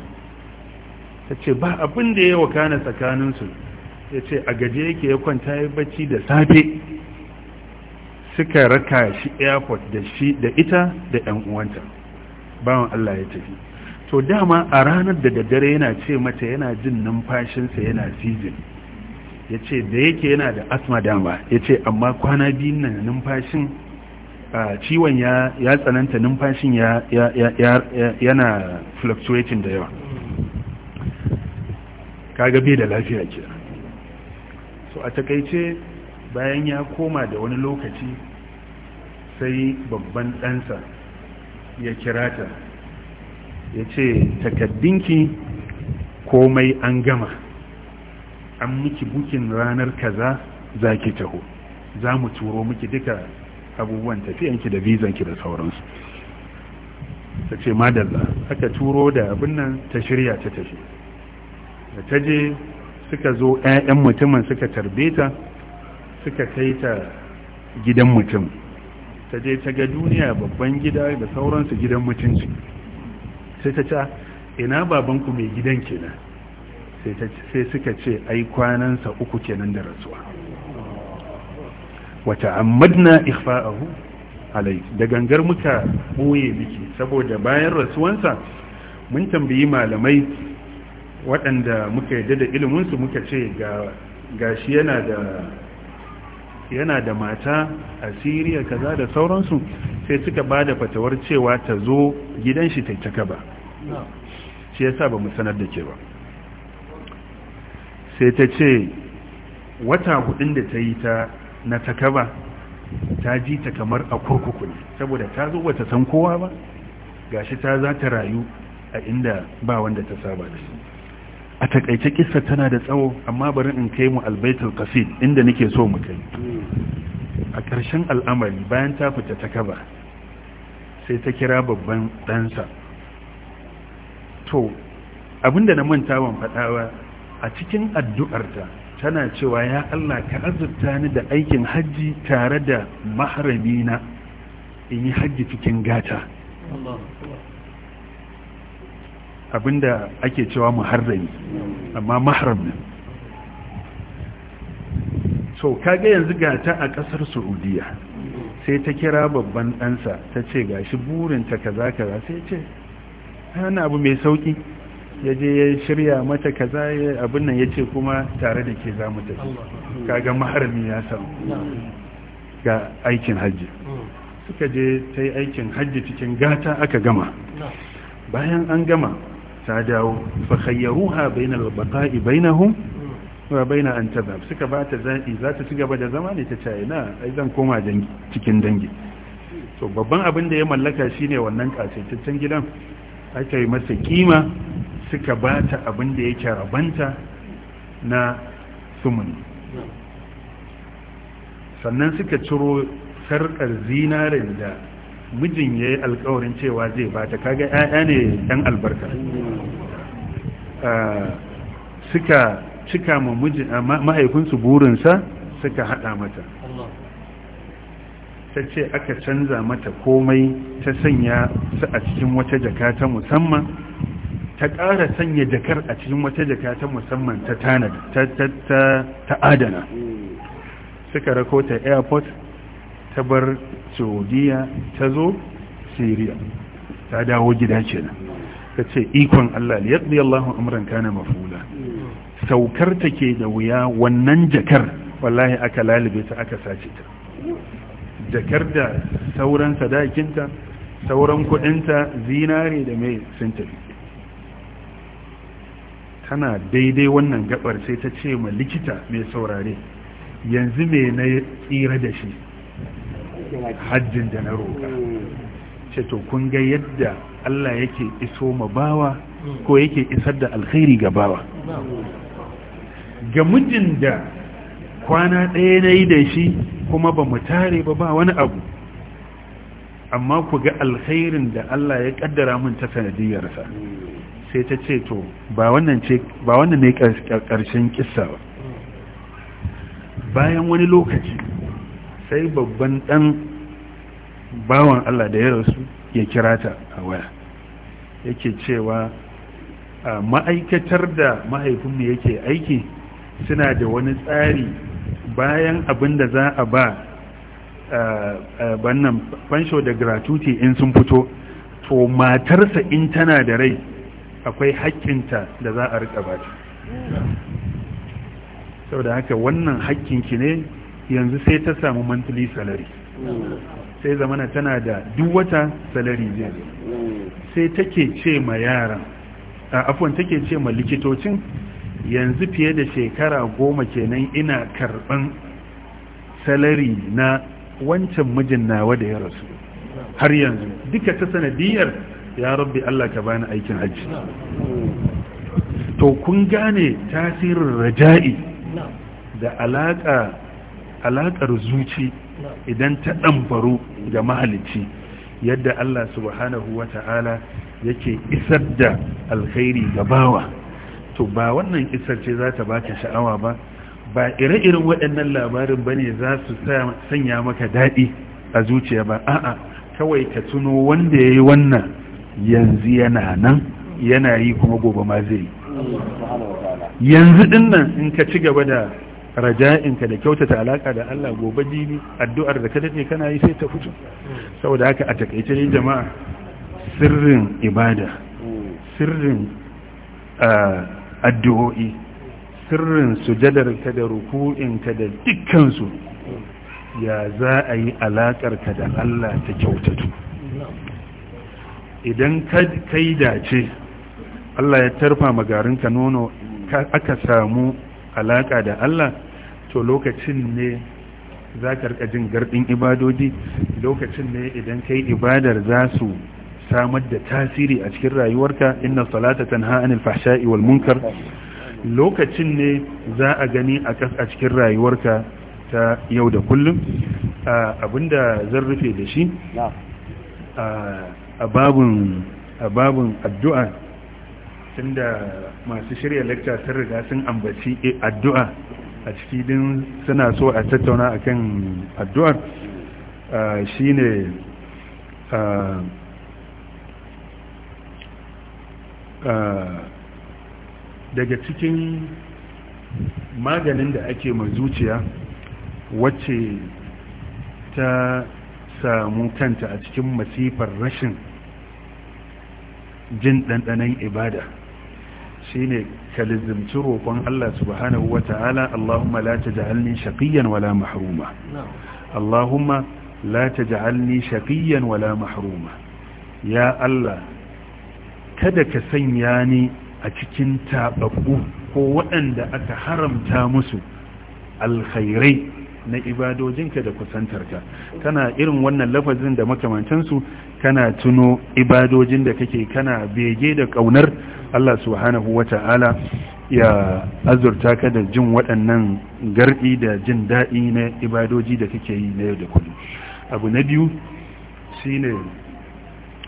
ta ce ba abin da ya wakana tsakaninsu ya ce a gaje yake ya kwanta ya bacci da safe suka raka shi airport da shi da ita da yan uwanta bawan Allah ya tafi to dama a ranar da daddare yana ce mata yana jin numfashinsa yana sizin ya ce da yake yana da asma dama ya ce amma kwana biyu nan numfashin ciwon ya tsananta numfashin yana fluctuating da yawa kaga bai da lafiya kira so a takaice bayan ya koma da wani lokaci sai babban ɗansa ya kira ta ya ce takaddinki komai an gama an miki bukin ranar kaza za ki taho za mu turo miki duka abubuwan tafiyanki da vizanki da sauransu ta ce madalla aka turo da abin nan ta shirya ta tafi da ta je suka zo 'ya'yan mutumin suka tarbe ta suka kai ta gidan mutum ta je ta ga duniya babban gida da sauransu gidan mutunci sai ta ce ina babanku mai gidan kenan sai suka ce ai kwanansa uku kenan da rasuwa wata amadna ikhfa'ahu alai da gangar muka boye miki saboda bayan rasuwansa mun tambayi malamai waɗanda muka yadda da iliminsu muka ce ga shi yana da mata a siriya kaza da sauransu sai suka ba da fatawar cewa ta zo gidan shi ta caka ba shi sa ba mu sanar da ke ba sai ta ce wata hudun da ta yi ta na taka ba ta ji ta kamar a kurkuku ne saboda ta zo bata san kowa ba gashi ta za ta rayu a inda ba wanda ta saba da shi a takaice kissa tana da tsawo amma bari in kai mu albaitul qasid inda nake so mu kai a ƙarshen al'amari bayan ta fita ta kaba sai ta kira babban ɗansa to abinda na manta ban faɗawa a cikin addu'arta tana cewa ya Allah ka azurta ni da aikin hajji tare da mahramina in yi hajji cikin gata abinda ake cewa muharrami amma mahram ne so kaga yanzu ga ta a kasar saudiya sai ta kira babban ɗansa ta ce ga shi burinta kaza kaza sai ce wani abu mai sauki ya je ya shirya mata kaza abin nan ya ce kuma tare da ke za mu tafi kaga maharami ya samu ga aikin hajji suka je ta yi aikin hajji cikin gata aka gama bayan an gama ta dawo fa khayyaruha bainal baqa'i bainahum wa baina an tadhhab suka ba ta za ta cigaba da zama ne ta ce na ai zan koma dangi cikin dangi to babban abin da ya mallaka shine wannan kasaitaccen gidan aka yi masa kima suka ba ta abin da yake rabanta na sumuni sannan suka ciro sarkar zinarin da mijin ya yi alkawarin cewa zai ba ta kaga 'ya'ya ne yan albarka ah, suka cika ah, ma mahaifinsu burinsa suka haɗa mata ta ce aka canza mata komai ta sanya su a cikin wata jaka ta musamman ta ƙara sanya jakar a cikin wata jaka ta musamman ta adana suka rakota airport ta bar saudiya ta zo syria ta dawo gida kenan ta ce ikon allah liyaddi allahu amran kana mafula saukar ta ke da wuya wannan jakar wallahi aka lalube ta aka sace ta jakar da sauran sadakinta sauran kudinta zinare da mai sun tana daidai wannan gabar sai ta ce ma likita mai saurare yanzu mai na tsira da shi hajjin da na roƙa ce hmm. to kun ga yadda Allah yake iso ma bawa ko yake isar da alkhairi ga bawa ga mijin da kwana ɗaya na yi da shi kuma ba mu tare ba ba wani abu amma ku ga alkhairin da Allah ya kaddara mun ta sanadiyarsa hmm. sai ta ce to ba wannan ne ƙarshen kissa ba bayan wani lokaci sai babban ɗan bawan Allah da ya rasu ya kira ta a waya yake cewa ma'aikatar da mahaifinmu yake aiki suna da wani tsari bayan abin da za a ba bannan fansho da gratuity in sun fito to matarsa in tana da rai akwai haƙƙinta da za a riƙa ba ta sau da haka wannan haƙƙinki ne yanzu sai ta samu mantuli salari. sai zamana tana da duk wata salari zai sai take ce ma yaran afwan take ce ma likitocin yanzu fiye da shekara goma kenan ina karban salari na wancan mijin nawa da ya rasu har yanzu duka ta sanadiyar ya rabbi Allah ka bani aikin hajji to kun gane tasirin raja'i da alaka alaƙar zuci idan ta faru ga mahalicci yadda Allah subhanahu wa ta'ala yake isar da alkhairi ga bawa to ba wannan isar ce za ta baka sha'awa ba ba ire-iren waɗannan labarin ba ne za su sanya maka daɗi a zuciya ba a'a kawai ka tuno wanda ya yi wannan yanzu yana nan yana yi kuma gobe ma zai yanzu ɗin in ka ci gaba da raja'inka da kyautata alaka da Allah gobe dini addu'ar da ka dace kana yi sai ta fito saboda haka a takaice ne jama'a sirrin ibada sirrin addu'o'i sirrin sujadar ka da ruku'in ka da su ya za a yi ka da Allah ta kyautatu idan kai dace Allah ya tarfa magarinka nono aka samu Alaƙa da Allah to lokacin ne za ka rika jin garɗin ibadodi lokacin ne idan kai ibadar za su samar da tasiri a cikin rayuwarka inna salata tanha anil fahsha'i wal munkar lokacin ne za a gani a kas a cikin rayuwarka ta yau da kullum abinda zan rufe da shi a babun addu'a tunda masu shirya lecture sun riga sun ambaci eh, addu'a a ciki din suna so a tattauna akan addu'ar ah, shine ah, ah, daga cikin maganin da ake ma zuciya wacce ta samu kanta a cikin masifar rashin jin ɗanɗanen ibada shine ka lizimci roƙon Allah subhanahu wa ta'ala Allahumma la taj'alni shaqiyan wala mahruma Allahumma la taj'alni shaqiyan wala mahruma ya Allah kada ka sanya ni a cikin tababbu ko waɗanda aka haramta musu alkhairai na ibadojinka da kusantarka kana irin wannan lafazin da makamantansu kana tuno ibadojin da kake kana bege da kaunar Allah subhanahu wa ta'ala ya azurta ka da jin waɗannan garɗi da jin daɗi na ibadoji da kake yi na yau da kullum abu na biyu shine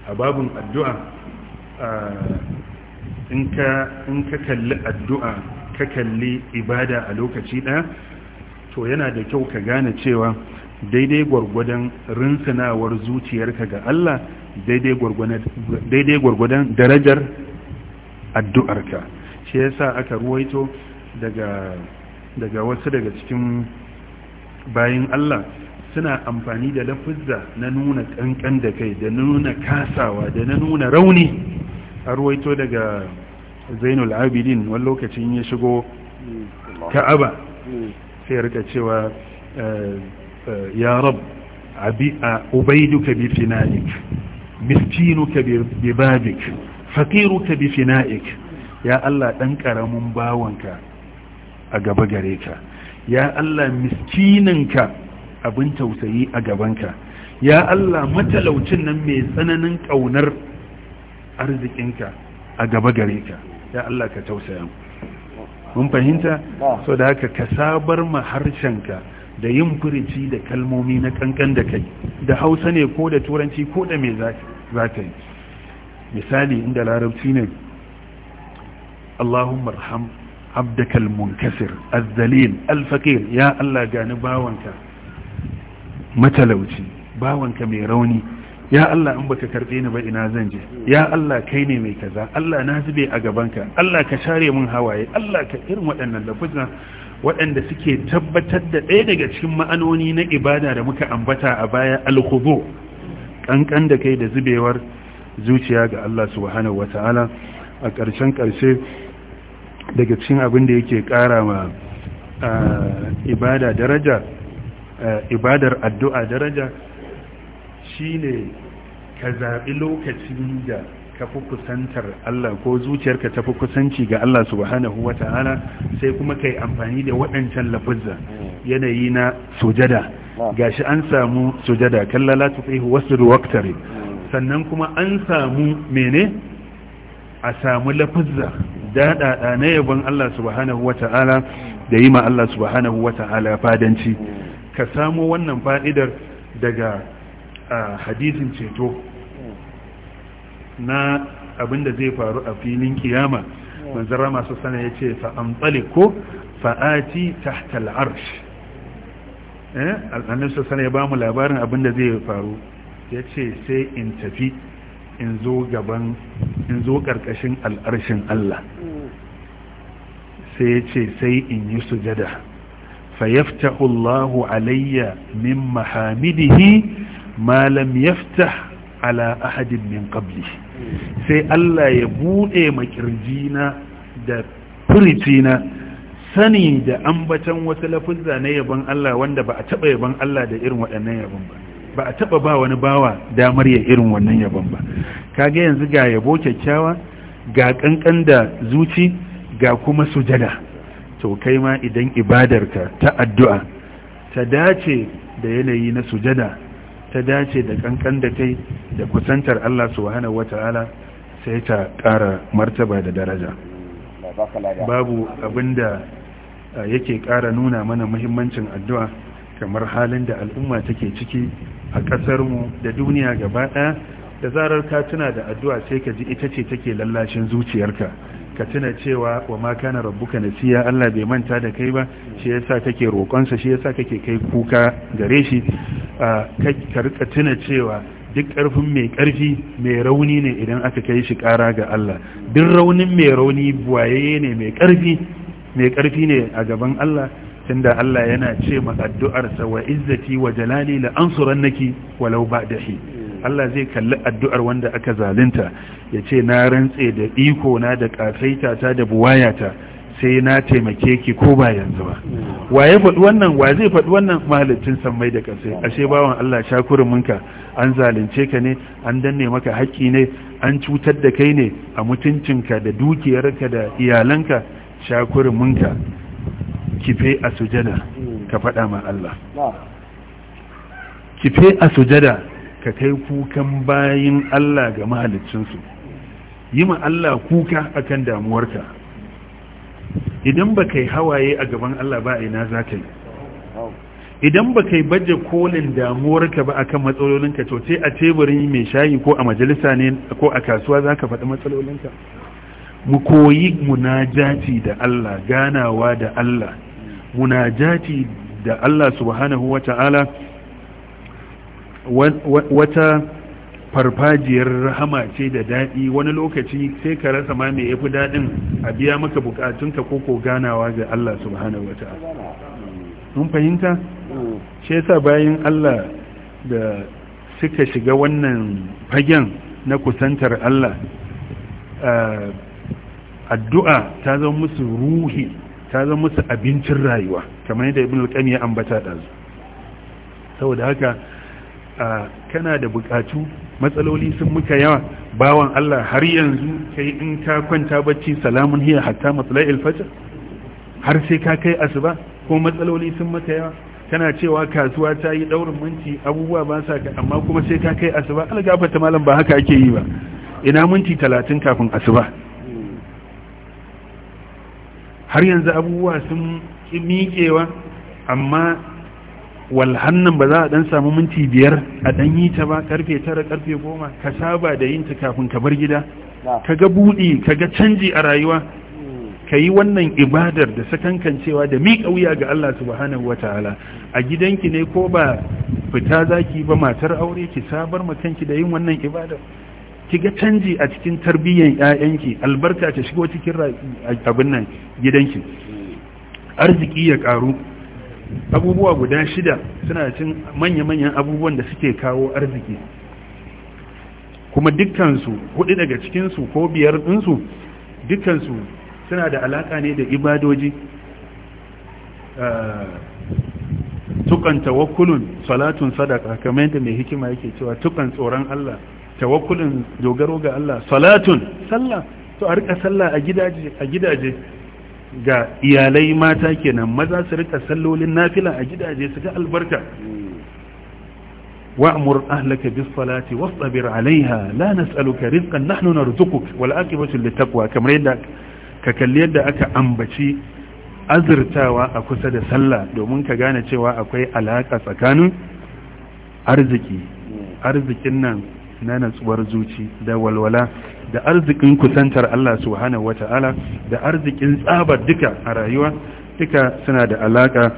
a babin addu'a in ka kalli addu'a ka kalli ibada a lokaci ɗaya to yana da kyau ka gane cewa daidai gwargwadon rinsanawar zuciyarka ga Allah daidai gwargwadon darajar addu'arka shi ya sa aka ruwaito daga wasu daga cikin bayan Allah suna amfani da lafizza na nuna ƙanƙan da kai da nuna kasawa da na nuna rauni a ruwaito daga zainul abidin wani lokacin ya shigo ka'aba sai rika cewa eh, eh, ya rab ka bi finalik ka bi babik faqiruka bi fina'ik ya Allah ɗan karamin bawanka a gaba gare ka ya Allah miskininka abin tausayi a gabanka ya Allah matalaucin nan mai tsananin ƙaunar arzikinka a gaba gare ka ya Allah ka tausaya mun fahimta so da haka ka sabar ma harshenka da yin furici da kalmomi na kankan da kai da hausa ne ko da turanci ko da me za yi misali inda larabci ne Allahumma arham abdaka al-munkasir az-zalil al-faqir ya Allah gani bawanka matalauci bawanka mai rauni ya Allah in baka karbe ni ba ina zan je ya Allah kai ne mai kaza Allah na zube a gabanka Allah ka share min hawaye Allah ka irin waɗannan lafuzna waɗanda suke tabbatar da ɗaya daga cikin ma'anoni na ibada da muka ambata a baya al-khudu kankan da kai da zubewar zuciya ga Allah subhanahu wata'ala a ƙarshen ƙarshe daga cikin abin da yake ƙara ma ibada daraja ibadar addu'a daraja shine ka zaɓi lokacin da ka fi kusantar Allah ko zuciyarka ta fi kusanci ga Allah subhanahu wa ta'ala sai kuma ka yi amfani da waɗancan lafizza yanayi na sujada shi an samu sujada kallala tufihu wasu ruwaktare sannan kuma an samu mene a samu lafazza daɗaɗa na yabon Allah subhanahu wata'ala da yi ma Allah subhanahu wata'ala fadanci ka samo wannan fa'idar daga hadisin ceto na abinda zai faru a filin kiyama manzara masu sana ya ce fa'amtsali ko fa'ati tahtal arsh eh al'annarsa sana ya bamu mu labarin abinda zai faru ya ce sai in tafi in zo gaban in zo ƙarƙashin al'arshin Allah sai ya ce sai in yi sujada fayaftahu Allahu alayya min mahamidihi malam yafta yaftah ala ahadin min qabli sai Allah ya buɗe makirjina da furitina sani da ambatan wasu lafuzza na yaban Allah wanda ba a taɓa yabon Allah da irin waɗannan yaban ba ba a taba ba wani bawa damar ya irin wannan yabon ba kage yanzu ga yabo kyakkyawa ga kankan da zuci ga kuma sujada to kai ma idan ibadarka ta addu'a ta dace da yanayi na sujada ta dace da kankan da kai da kusantar Allah subhanahu wata'ala sai ta ƙara martaba da daraja babu abinda eh, yake ƙara nuna mana muhimmancin addu'a kamar halin da al'umma take ciki a ƙasarmu da duniya gaba ɗaya da zarar ka tuna da addu'a sai ka ji ita ce take lallashin zuciyarka ka tuna cewa wa ma kana rabbuka nasiya Allah bai manta da kai ba shi yasa kake roƙonsa shi yasa kake kai kuka gare shi ka rika tuna cewa duk ƙarfin mai ƙarfi mai rauni ne idan aka kai shi ƙara ga Allah duk raunin mai rauni buwaye ne mai ƙarfi mai ƙarfi ne a gaban Allah tunda Allah yana ce ma addu'arsa wa izzati wa jalali la ansurannaki walau ba'da hi Allah zai kalli addu'ar wanda aka zalunta ya ce na rantse da iko na da kafaita ta da buwayata sai na taimake ki ko ba yanzu ba waye faɗi wannan wa zai faɗi wannan mahalicin sammai da ƙasai ashe bawan Allah shakurin minka an zalunce ka ne an danne maka haƙƙi ne an cutar da kai ne a mutuncinka da dukiyarka da iyalanka shakurin minka kife a sujada hmm. ka faɗa ma Allah kife a sujada ka kai kukan bayin Allah ga mahalicinsu yi ma Allah kuka akan damuwarka idan ba kai hawaye a gaban Allah ba ina za ka yi idan ba kai baje kolin damuwarka ba akan matsalolinka to sai a teburin mai shayi ko a majalisa ne ko a kasuwa za ka faɗi matsalolinka mu koyi munajati da Allah ganawa da Allah munajati da Allah subhanahu wa ta'ala wata farfajiyar rahama ce da daɗi wani lokaci sai ka rasa ma mai yafi daɗin a biya maka bukatunka koko ganawa ga Allah subhanahu wa ta'ala mun fahimta? shi yasa bayan Allah da suka shiga wannan fagen na kusantar Allah ah, addu'a ta zama musu ruhi ta zama musu abincin rayuwa kamar yadda ibn al-qayyim ya ambata dazu saboda haka kana da bukatu matsaloli sun muka yawa bawan Allah har yanzu kai in ka kwanta bacci salamun hiya hatta matla'il fajr har sai ka kai asuba ko matsaloli sun muka yawa kana cewa kasuwa ta yi daurin minti abubuwa ba sa ka amma kuma sai ka kai asuba ta malam ba haka ake yi ba ina minti 30 kafin asuba har yanzu abubuwa sun miƙewa amma walhannan ba za a ɗan samu minti biyar a ɗan yi ta ba ƙarfe tara ƙarfe goma ka saba da yin ta kafin ka bar gida ka ga buɗi ka ga canji a rayuwa hmm. ka yi wannan ibadar da sakankancewa da miƙa wuya ga Allah subhanahu wa ta'ala a gidanki ne ko ba fita zaki ba matar aure ki sabar ma kanki da yin wannan ibadar shiga canji a cikin tarbiyyar 'ya'yanki, albarka ta shigo cikin abin nan gidanki arziki ya ƙaru, abubuwa guda shida suna cin manya-manyan abubuwan da suke kawo arziki kuma dukkansu hudu daga cikinsu ko biyar ɗinsu dukkansu suna da alaƙa ne da ibadoji tukanta tawakkulun salatun sadaka kamar yadda mai hikima yake cewa tukan tsoron Allah tawakkulin dogaro ga Allah salatun sallah to a rika sallah a gidaje a gidaje ga iyalai mata kenan maza su rika sallolin nafila a gidaje su ga albarka wa'mur ahlaka bis salati wasbir alaiha la nas'aluka rizqan nahnu narzuquk wal aqibatu lit taqwa kamar yadda ka kalli yadda aka ambaci azurtawa a kusa da sallah domin ka gane cewa akwai alaka tsakanin arziki arzikin nan na natsuwar zuci da walwala da arzikin kusantar Allah subhanahu wata'ala da arzikin tsabar duka a rayuwa duka suna da alaka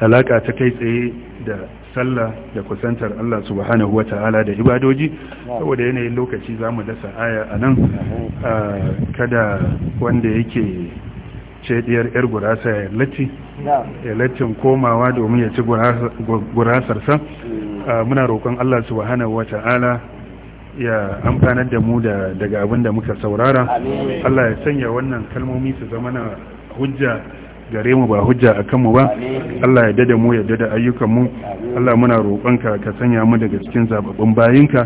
alaka ta kai tsaye da sallah da kusantar Allah subhanahu wata'ala da ibadoji saboda yanayin lokaci zamu dasa aya anan kada wanda yake ce cediyar yar gurasa ya latti ya lattin komawa domin ya ci gurasarsa Uh, muna roƙon Allah subhanahu wata'ala ya amfanar da mu daga abin da muka saurara Allah ya sanya wannan kalmomi su zama na hujja gare mu ba hujja a kanmu ba Allah ya dada mu ya dada ayyukan mu. Allah muna roƙonka ka sanya mu daga cikin zababbin bayinka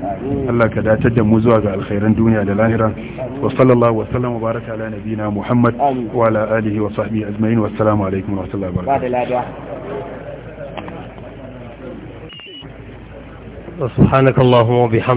Allah ka datar da mu zuwa ga alkhairan duniya da lahira wa sallallahu wa sallam wa baraka ala nabina Muhammad wa ala alihi wa sahbihi ajma'in wa assalamu alaikum wa rahmatullahi wa barakatuh سبحانك اللهم وبحمدك